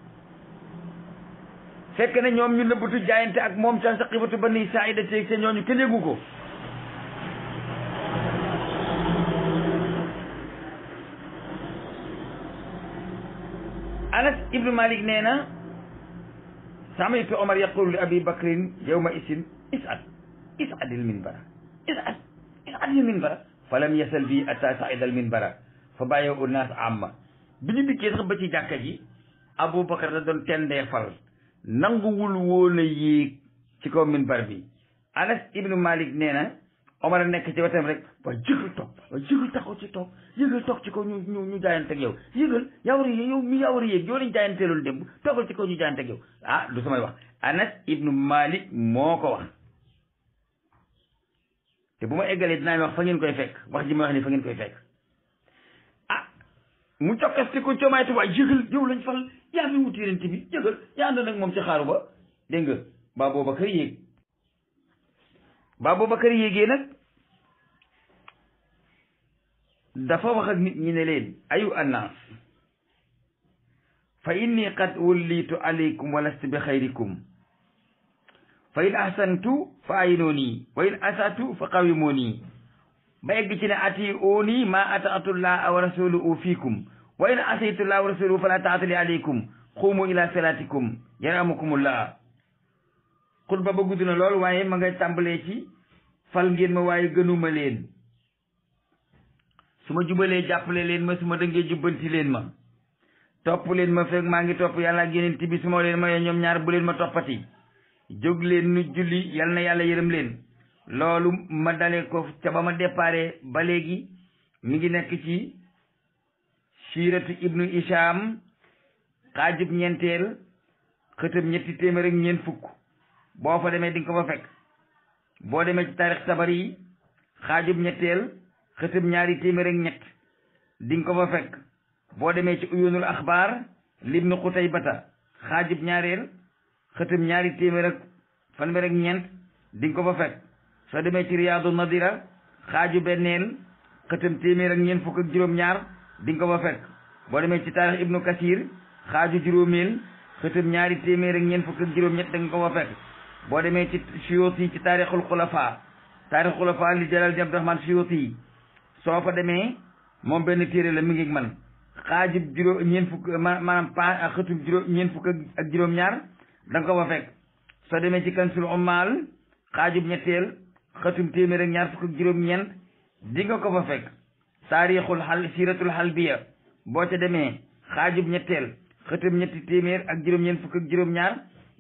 Speaker 1: fekk na ñoom ñu nëbbatu jaayante ak moom ca saqifatu Bani Saa'ida te ca ñooñu kenn yëgu ko Anas ibnu Malik nee na sami'tu Omar yaqulu li Abi Bakrin yawma isin is'ad is'ad il minbara is'ad is'ad il minbara falam yasal bi atta saidal min bara fa bàyyi unaas amma bi ñu dikkee sax ba ci jàkka ji aboubacar da doon tendeefal nanguwul woon a yéeg ci kaw min bar bi anas ibnu malik nee na omar a nekk ci wetam rek waaye jëgal toog waaye jëgal taxaw ci toog yëgal toog ci kaw ñu ñu ñu yow yëgal yaa war a yow mi yaa war a yéeg yow lañ jaayanteeloon démb toogal ci kaw ñu jaayante ak ah, anas ibnu malik moo ko wax te bu ma eggalee dinaa wax fa ngeen koy fekk wax ji ma wax ni fa ngeen koy fekk ah mu cokkasti ko coomaay tubaab yëgal yow lañ fal yaa fi wut yonent bi yëgal yaa àndoon ak moom ci xaaru ba dégg nga ba Boubacar yéeg ba Boubacar yéegee nag dafa wax ak nit ñi ne leen ayu annaas fa inni qad wallitu alaykum wa lastu bi xayrikum fa in ahsantu fa aynuni wa in asatu fa qawimuni ba egg ci ne ati uni ma ataatullah wa rasuluhu fiikum wa in asaytullah wa rasuluhu fala taatuli aleykum xuumu ila salatikum yaramukumullah xutba ba gudd na lool waaye ma nga tàmbalee ci fal ngeen ma waaye gënuma leen su ma jubalee jàppale leen ma su ma dëngee jubbanti leen ma topp leen ma fekk maa ngi yàlla ak ñoom ñaar bu leen ma toppati jóg leen nu julli yal na yàlla yërëm leen loolu ma dale ko ca ba ma déparé ba léegi mi ngi nekk ci siiratu ibnu isham xaajub ñeenteel xëtëb ñetti téeméer ñeent fukk boo fa demee dinga ko fa fekk boo demee ci taarix tabari yi xaajub ñetteel xëtëb ñaari téeméer ak di ko fa boo demee ci uyunul axbaar libnu xutaybata xaajub ñaareel xëtëm ñaari téeméer ak fanweer ak ñeent di nga ko fa fekk soo demee ci riyaadu nadira xaaju benneel xëtëm téeméer ak ñeent fukk ak juróom-ñaar di ko fa fekk boo demee ci taarix ibnu kasir xaaju juróomeel xëtëm ñaari téeméer ak ñeent fukk ak juróom-ñett da nga ko fa fekk boo demee ci suyuuti ci taarixul xulafa taarixul xulafa li jalal di abdurahman suyuuti soo fa demee moom benn téere la mu ngi man xaaju juróom ñeent fukk maanaam pa ak juróom-ñaar da ko fa fekk soo demee ci kansul ummaal xaajub ñetteel xatum téeméer ak ñaar fukk juróom-ñeent di nga ko fa fekk taarixul xal siiratul xalbiya boo ca demee xaajub ñetteel xëtum ñetti téeméer ak juróom-ñeent fukk ak juróom-ñaar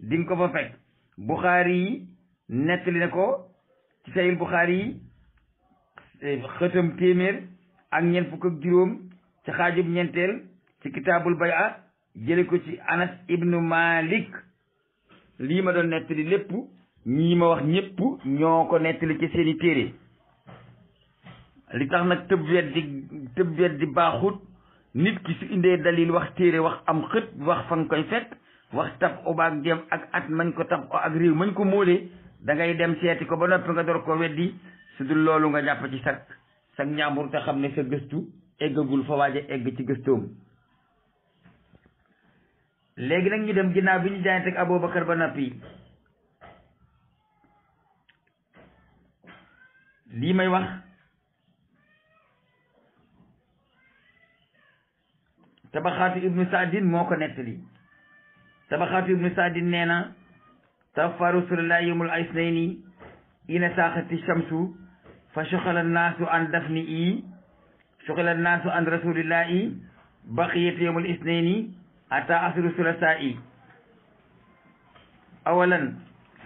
Speaker 1: di ko fa fekk buxaari yi nettali ko ci sayil buxaari yi eh, xëtum téeméer ak ñeent fukk ak juróom ci xaajub ñeenteel ci kitaabul bay a jële ko ci anas ibnu malik lii ma doon nettali lépp ñii ma wax ñépp ñoo ko nettali ci seeni téere li tax nag tëb weddi tëb weddi baaxut nit ki su indee dalil wax téere wax am xët wax fan koy fekk wax tab obaak dem ak at mañ ko tab o ak réew mañ ko móolee dangay dem seeti ko ba noppi nga door ko weddi su dul loolu nga jàpp ci sag sag ñaambur te xam ne sa gëstu eggagul fa waaja egg ci gëstoom léegi nag ñu dem ginnaaw bi ñu jaayanteeg Aboubacar ba noppi lii may wax tabaxaatu ibnu saadin moo ko nettali tabaxaatu ibnu saadin nee na tawafa rasulullah yawmul isnayni ina saaxati shamsu fa soxala naasu an dafni i soxala naasu an rasulillahi baqiyati yawmul isnayni hatta asiru sulasa'i awalan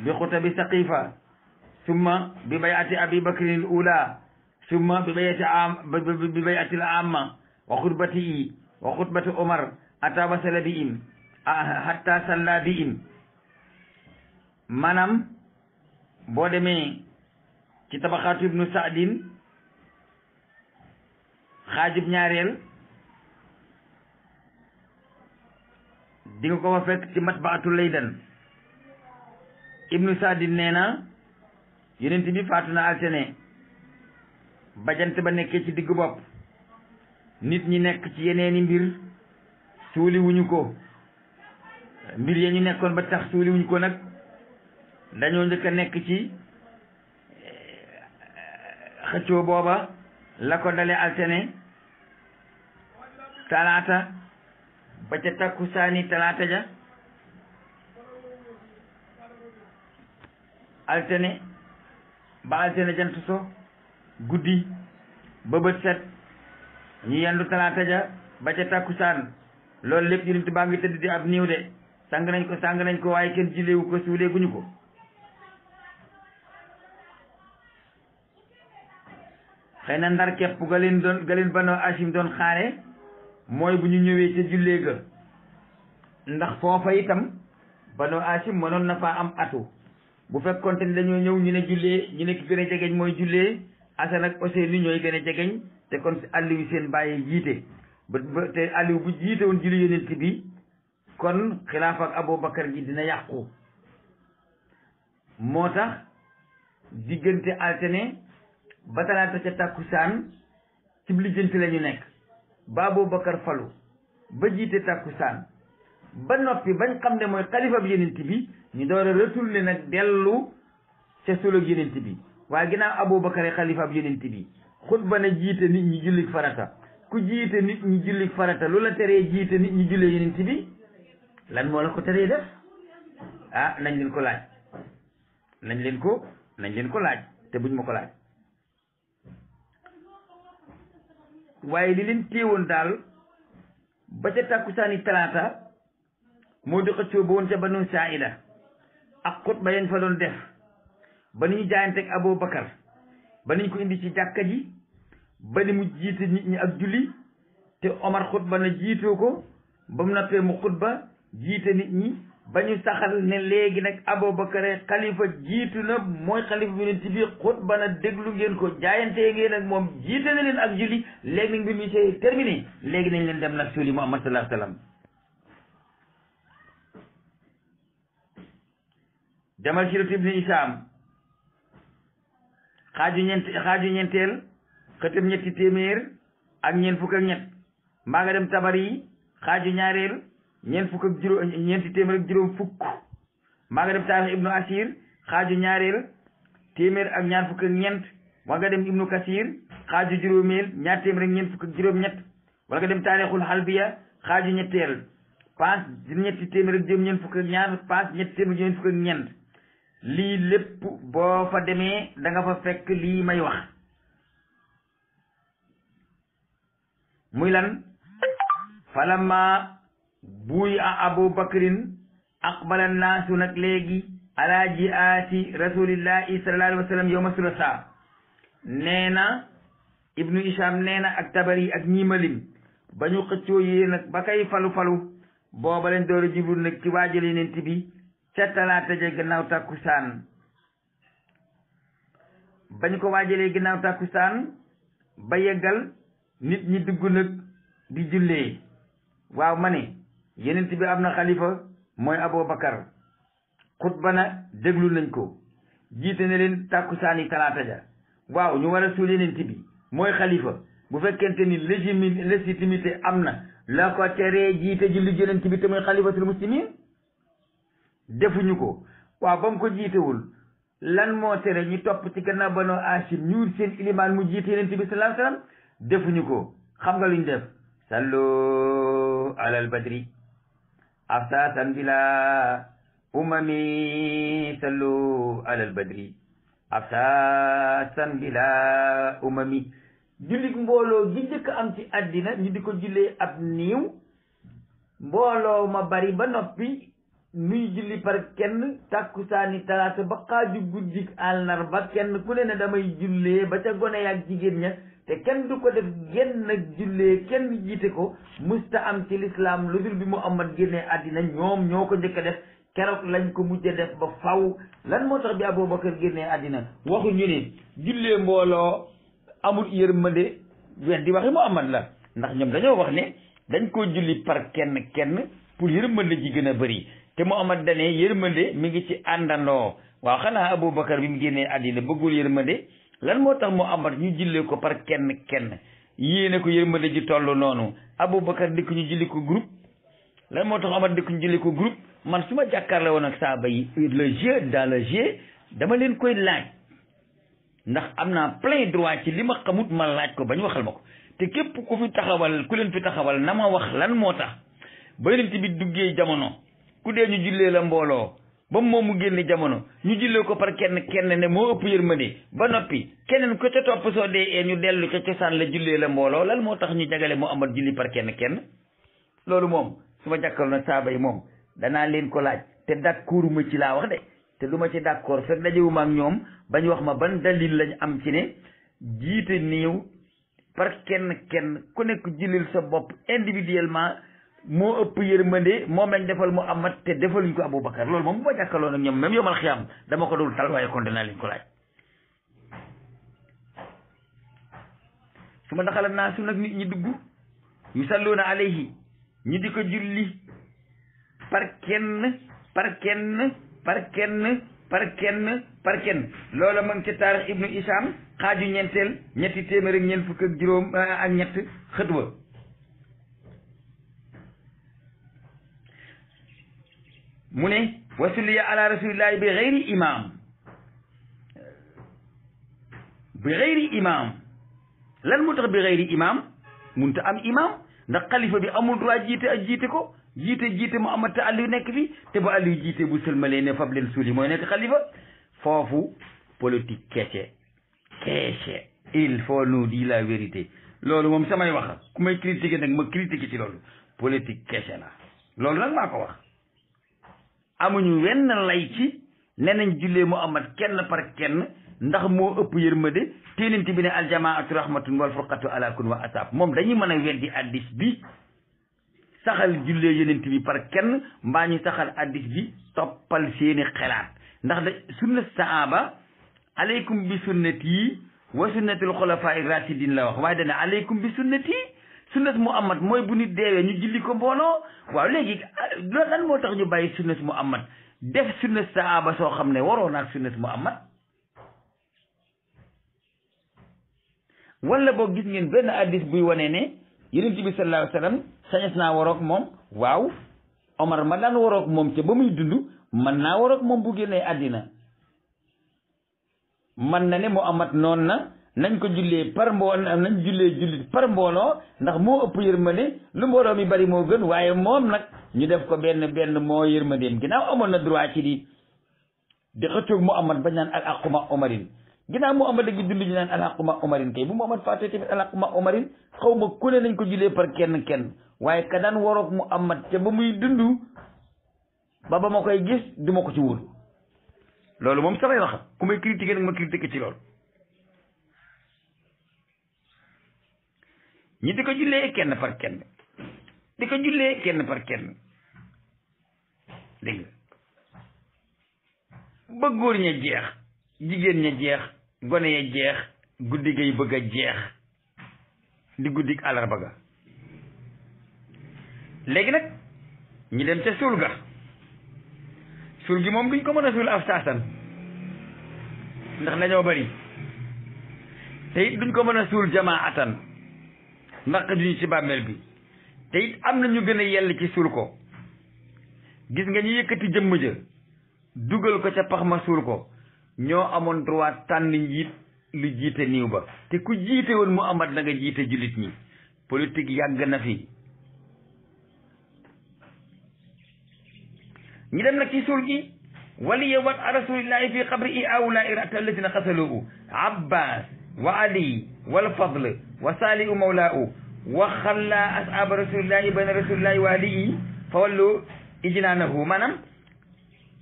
Speaker 1: bi xutabi saqifa summa bi bayati abi bakrin al ula summa bi bayati am bi bayati al amma wa xutbatihi wa xutbati omar hatta wasala bihim hatta salla bihim maanaam boo demee ci tabaxaatu ibnu saadin xaajub ñaareel di nga ko fa fekk ci matbaatu Laydan ibnu Sadin nee na yonent bi faatu na altine bajant ba nekkee ci diggu bopp nit ñi nekk ci yeneeni mbir suuli ko mbir ya ñu nekkoon ba tax suuli ko nag dañoo njëkk a nekk ci eh, xëccoo booba la ko dale altine talaata ba ca takkusaani talaata ja ne ba altine jant so guddi ba bët set ñu yendu talaata ja ba ca takkusaan loolu lépp yonent baa ngi tëdd di ab niiw de sang nañ ko sang nañ ko waaye kenn jileewu ko suuleeguñu ko xëy na ndar képp ga leen doon ga leen banoo asim doon xaare mooy bu ñu ñëwee ca jullee ga ndax foofa itam banu Hachim mënoon na faa am atu bu fekkonte ni dañoo ñëw ñu ne jullee ñu ne ki gën a jegeñ mooy jullee Asan ak Useynu ñooy gën a jegeñ te kon si Aliou seen bàyyi jiite ba ba te Aliou bu jiite woon julli yonent bi kon xilaaf ak Aboubacar gi dina yàqu moo tax diggante altine ba talaata ca tàkkusaan ci lijjanti la ñu nekk ba Abubakar falu ba jiite tàkkusaan ba noppi bañ xam ne mooy xalifa bi yenent bi ñu door a retourné nag dellu ca sulog yenent bi waaye ginnaaw Abubakar yi xalifa bi yenent bi xutba na jiite nit ñi julli farata ku jiite nit ñi julli farata lu la teree jiite nit ñi julli yenent bi lan moo la ko teree def ah nañ leen ko laaj nañ leen ko nañ leen ko laaj te buñ ma ko laaj waaye li leen téewoon daal ba ca tàkkusaani talaata moo di xëccoo ba woon ca banu saa'ida ak xutba yañ fa doon def ba ni ñu jaayanteeg Abou Bakar ba ni ñu ko indi ci jàkka ji ba ni mu jiite nit ñi ak julli te Omar xutba na jiitoo ko ba mu nappee mu xutba jiite nit ñi ba ñu saxal ne léegi nag Aboubacar xalifa jiitu na mooy xalifa bi yonent bi xutba na déglu ngeen ko jaayantee ngeen ak moom jiite na leen ak julli léegi nag mbir mi c'est terminé léegi nañ leen dem nag suli Muhammad sallallahu alayhi wasallam demal sirat ibn Hishaam xaaju ñeent xaaju ñeenteel xëtëb ñetti téeméer ak ñeent fukk ñett mbaa nga dem tabari xaaju ñaareel ñeent fukk ak juróom ñeenti téeméer ak juróom fukk maa nga dem xaaju ñaareel téeméer ak ñaar fukk ak ñeent wala nga juróom ñett wala nga dem taarixul xalbiya xaaju ñetteel paas ñetti téeméer ak juróom ñeent paas ñetti téeméer ak ñeent lii lépp boo fa demee da fa fekk lii may wax muy lan falama buuy a abu bakrin aqbala naasu nag léegi ala ji aati rasulillahi sallallahu alayhi wa sallam yowma sulasa na ibnu isham nee na ak tabari ak ñiimalim ba ñu xëccoo yi nag ba kay falu-falu booba leen door a jublu nag ci waajale nent bi ca talaata ja gannaaw tàkkusaan ba ñu ko waajale gannaaw tàkkusaan ba yeggal nit ñi dugg nag di jullee waaw ma ne yeneen bi am na xalifa mooy Aboubacar xutba na déglu nañ ko jiite na leen tàkkusaani talaata ja waaw ñu war a suul yenent bi mooy xalifa bu fekkente ni légimi légitimité am na la ko teree jiite julli yenent bi te mooy xalifatul muslimin defuñu ko waaw ba mu ko jiitewul lan moo tere ñu topp ci gannaaw banu Hachim ñuur seen ilimaan mu jiite yenent bi sallallahu alayhi defuñu ko xam nga luñ def sallu alal badri أفتاتا بلا أممي صلوا على البدر أفتاتا بلا أممي jullit mbooloo gi njëkk am ci àddina ñu di ko jullee ab niiw mbooloo ma bari ba noppi nuy julli par kenn tàkkusaani talaata ba xaaju guddik àllarba kenn ku ne ne damay jullee ba ca gone yaak jigéen ña te kenn du ko def génn nag jullee kenn jiite ko musta am ci lislaam lu bi mu Muhammad génnee àddina ñoom ñoo ko njëkk def keroog lañ ko mujj def ba faw lan moo tax bi Abubakar génnee àddina waxu ñu ni jullee mbooloo amul yërmande weddi waxi Muhammad la ndax ñoom dañoo wax ne dañ ko julli par kenn kenn pour yërmande ji gën a bëri te mu Muhammad dane yërmande mi ngi ci àndandoo waa xanaa Abubakar bi mu génnee àddina bëggul yërmande lan moo tax Muhammad ñu jillee ko par kenn kenn yéene ko yërmande ji toll noonu Aboubacar dëkk ñu jilli ko group lan moo tax Omar dikk ñu jilli ko group man su ma jàkkaarloo woon ak saaba yi la jeu dans le jeu dama leen koy laaj ndax am naa plein droit ci li ma xamut ma laaj ko ba ñu waxal ma ko te képp ku fi taxawal ku leen fi taxawal na ma wax lan moo tax ba yonent bi duggee jamono ku dee ñu jullee la mbooloo ba moom mu génn jamono ñu jullee ko par kenn kenn ne moo ëpp yërmande ba noppi keneen ko ca topp soo dee ee ñu dellu ca cosaan la jullee la mbooloo lan moo tax ñu jagale Muhammad julli par kenn kenn loolu moom su ma jàkkaarloo na saaba yi moom danaa leen ko laaj te d'accord ma ci laa wax de te du ma ci d'accord fekk dajewuma ak ñoom ba ñu wax ma ban dalil lañ am ci ne jiite niiw par kenn kenn ku nekk jullil sa bopp individuellement moo ëpp yërmande moom lañ defal mu amat te defaluñ ko Aboubacar loolu moom bu ma jàkkaarloo nag ñoom même yomal xiyaam dama ko dul tal waaye kon dinaa leen ko laaj. su ma daxala naa su nag nit ñi dugg yu salluuna alayhi ñi di ko julli par kenn par kenn par kenn par kenn par kenn loola ma ca taarix ibnu Isaam xaaju ñeenteel ñetti téeméer ak ñeent fukk ak juróom ak ñett xëtwa mu ne wasulliya ala rasulillahi bi xeyri imam bi xeyri imam lan moo tax bi xeyri imam mun ta am imam ndax xalifa bi amul droit jiite ak jiite ko jiite jiite mu amat te Aliou nekk fi te ba Aliou jiite bu sëlmalee ne fab leen suuli mooy nekk xalifa foofu politique kese kese il faut nous dire la vérité loolu moom samay wax ku may critiquer nag ma critiquer ci loolu politique kese la loolu nag maa ko wax amuñu wenn lay ci ne nañ jullee Muhammad kenn par kenn ndax moo ëpp yërmande téenante bi ne aljamaatu rahmatun wal furqatu alakun wa asab moom dañuy mën a weddi addis bi saxal jullee yenent bi par kenn mbaa ñu saxal addis bi toppal seeni xelaat ndax da sunna saaba aleykum bi sunnati wa sunnatil xulafaa rachidin la wax waaye dana aleykum bi sunnati mu amat mooy bu nit deewee ñu julli ko mbooloo waaw léegi loolu ah, lan moo tax ñu bàyyi sunnat muhammad def sunnat saaba soo xam ne waroon ak sunnat muhammad wala boo gis ngeen benn addis buy wane ne yonent bi sallallahu alayhi wasallam naa waroog moom waaw Omar ma daan waroog moom te ba muy dund man naa waroog moom bu génnee àddina man na ne mu Muhammad noon na nañ ko jullee par mboo nañ jullee jullit par mbooloo ndax moo ëpp yërmande lu mbooloo mi bari moo gën waaye moom nag ñu def ko benn benn moo yërmandeem ginaaw amoon na droit ci di di xëccoog Muhammad bañ naan al aquma omarin ginnaaw Muhammad a ngi dund ñu naan al aquma omarin kay bu Muhammad faatee tamit al aquma omarin xaw ma ku ne nañ ko jullee par kenn kenn waaye ka daan waroog Muhammad te ba muy dund ba ba ma koy gis du ma ko ci wóolu loolu moom samay ku may critiquer nag ma critiquer ci loolu ñi di ko jullee kenn par kenn di ko jullee kenn par kenn dégg nga ba góor ña jeex jigéen ña guddi gay bëgg a jeex di guddi àllarba ga léegi nag ñi dem ca suul ga suul gi moom duñ ko mën a suul af saasan ndax dañoo bari te duñ ko mën a suul jamaa atan naqaduñu ci bàmmeel bi te am na ñu gën a yell ci suul ko gis nga ñu yëkkati jëmm ja dugal ko ca pax ma suul ko ñoo amoon droit tànn njiit lu jiite niiw ba te ku jiite woon mu amat na nga jiite jullit ñi politique yàgg na fi ñi dem nag ci suul gi waliya wat a rasulillahi fi xabri i awlaa i rata alladina xasaloo abbas wa ali walfadl wa sali u mawla u wa xalla ashaaba rasulillahi bayna rasulillahi wa alihi fa wallu ijlaanahu maanaam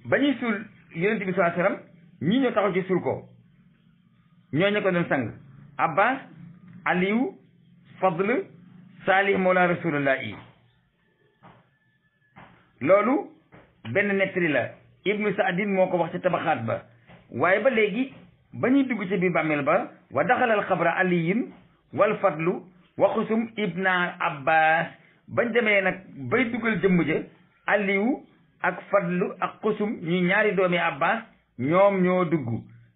Speaker 1: ba ñuy suul yonente bi saa sallam ñii ñoo taxaw ci suul ko ñoo ñu ko doon loolu benn nettali la ibnu saadin moo ko wax ci tabaxaat ba waaye ba léegi ba ñuy dugg ci biir bàmmeel ba wa daxalal xabra aliyin wal fadlu wa xusum ibna abbas bañ demee nag bay dugal jëmm ja aliyu ak fadlu ak xusum ñuy ñaari doomi abbas ñoom ñoo dugg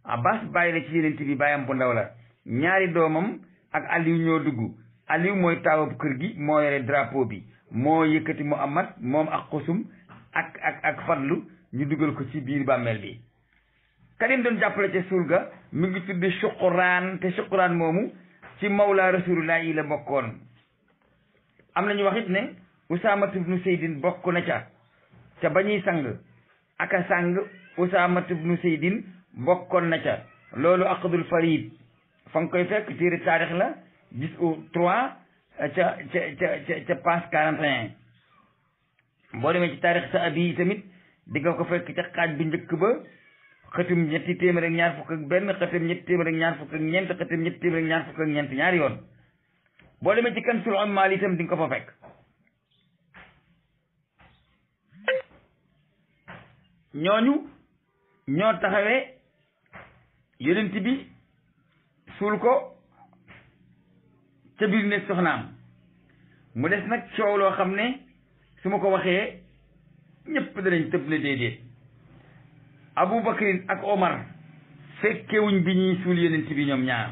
Speaker 1: abbas bàyyi la ci yenent bi bàyyam bu ndaw la ñaari doomam ak aliyu ñoo dugg aliyu mooy taawab kër gi moo yore drapeau bi moo yëkkati muhammad moom ak xusum ak ak ak fadlu ñu dugal ko ci biir bàmmeel bi ka leen doon jàppale ca suul ga mi ngi tudd suquraan te suquraan moomu ci mawla rasulullah yi la bokkoon am nañu wax it ne usaamat ibnu seydin bokk na ca ca ba ñuy sang aka sang usaamat ibnu seydin bokkoon na ca loolu aqdul farid fa nga koy fekk téere taarix la gis u trois ca ca ca ca passe quarante un boo demee ci taarix sa abi tamit di ko fekk ca xaaj bi njëkk ba xëtum ñetti téeméer ak ñaar fukk ak benn xëtum ñetti téeméer ak ñaar fukk ak ñeent ñaar yoon boo demee ci Kanzul Ummaal itam di nga ko fa fekk ñooñu ñoo taxawee yonent bi suul ko ca biir ne soxnaam mu des nag coow loo xam ne su ma ko waxee ñépp danañ tëb ne déedéet Abu Bakrin ak Omar fekkewuñ bi ñuy suul yeneen bi ñoom ñaar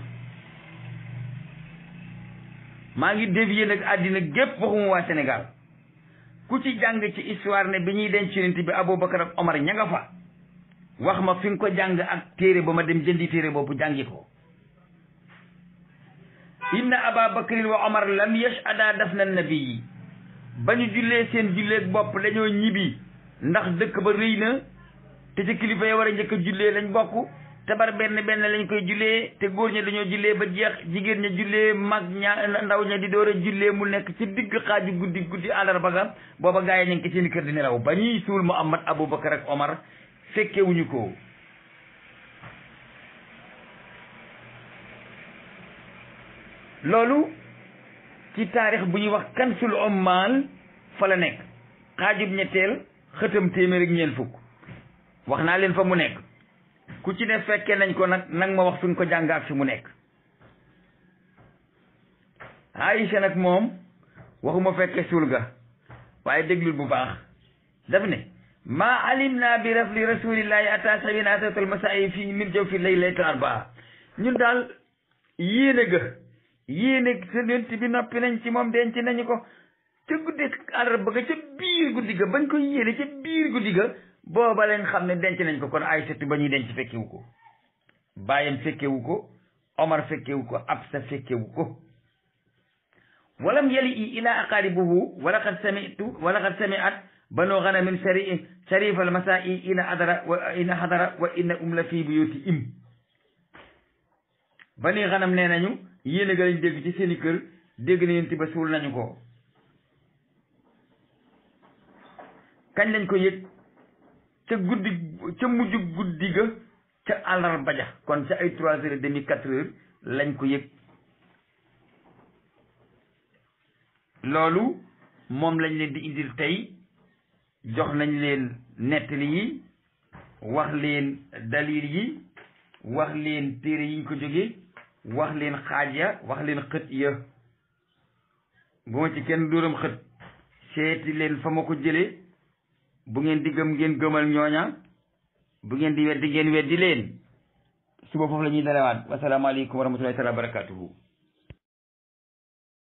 Speaker 1: maa ngi dévier nag àddina gépp waxuma waa Sénégal ku ci jàng ci histoire ne bi ñuy denc yeneen bi Abu Bakar ak Omar ña nga fa wax ma fi nga ko jàng ak téere ba ma dem jëndi téere boobu jàngi ko inna aba bakrin wa omar lam yashada dafna nabi yi ba ñu jullee seen julleeg bopp dañoo ñibbi ndax dëkk ba rëy na te ci kilifa ya war a njëkk a lañ bokk tabar benn benn lañ koy jullee te góor ña dañoo jullee ba jeex jigéen ña jullee mag ña ndaw ña di door a jullee mu nekk ci digg xaaju guddi guddi àllarba ga booba gaa yi ñu ngi ko seen kër di nelaw ba ñuy suul Muhammad Aboubacar ak Omar fekkewuñu ko loolu ci taarix bu ñuy wax kansul ommaal fa la nekk téeméer ak ñeent fukk wax naa leen fa mu nekk ku ci ne fekkee nañ ko nag nag ma wax fi nga ko jàng fi mu nekk Aïcha nag moom waxuma fekke suul ga waaye déglul bu baax daf ne ma alim naa bi rafli rasulillahi ata sabina asatul masaayi fii min jëw fi lay lay taar baa ñun daal yéene ga yéene sa nent bi noppi nañ ci moom denc nañu ko ca guddi àllarba ga ca biir guddi ga bañ ko yéene ca biir guddi ga booba leen xam ne denc nañ ko kon Aysatu ba ñuy denc fekkewu ko bàyyam fekkewu ko Omar fekkewu ko Absa fekkewu ko walam yali i ila aqaribuhu wa laqad samitu wa laqad samiat banu ganamin shari sharif almasai ina adara wa ina hadara um fii buyuti im bani nañu yéen a nga lañ dégg ci seeni kër dégg na yéen ba suul nañu ko kañ lañ ko yëg ca guddi ca mujj guddi ga ca àllarba ja kon ca ay trois heures et demi quatre heures lañ ko yëg loolu moom lañ leen di indil tey jox nañ leen nettali yi wax leen dalil yi wax leen téere yiñ ko jóge wax leen xaaj ya wax leen xët ya bu ma ci kenn dóoram xët seeti leen fa ma ko jële bu ngeen di gëm ngeen gëmal ñooña bu ngeen di weddi ngeen weddi leen suba foofu la ñuy dalewaat wasalaamaaleykum wa rahmatullahi taala wa barakatuhu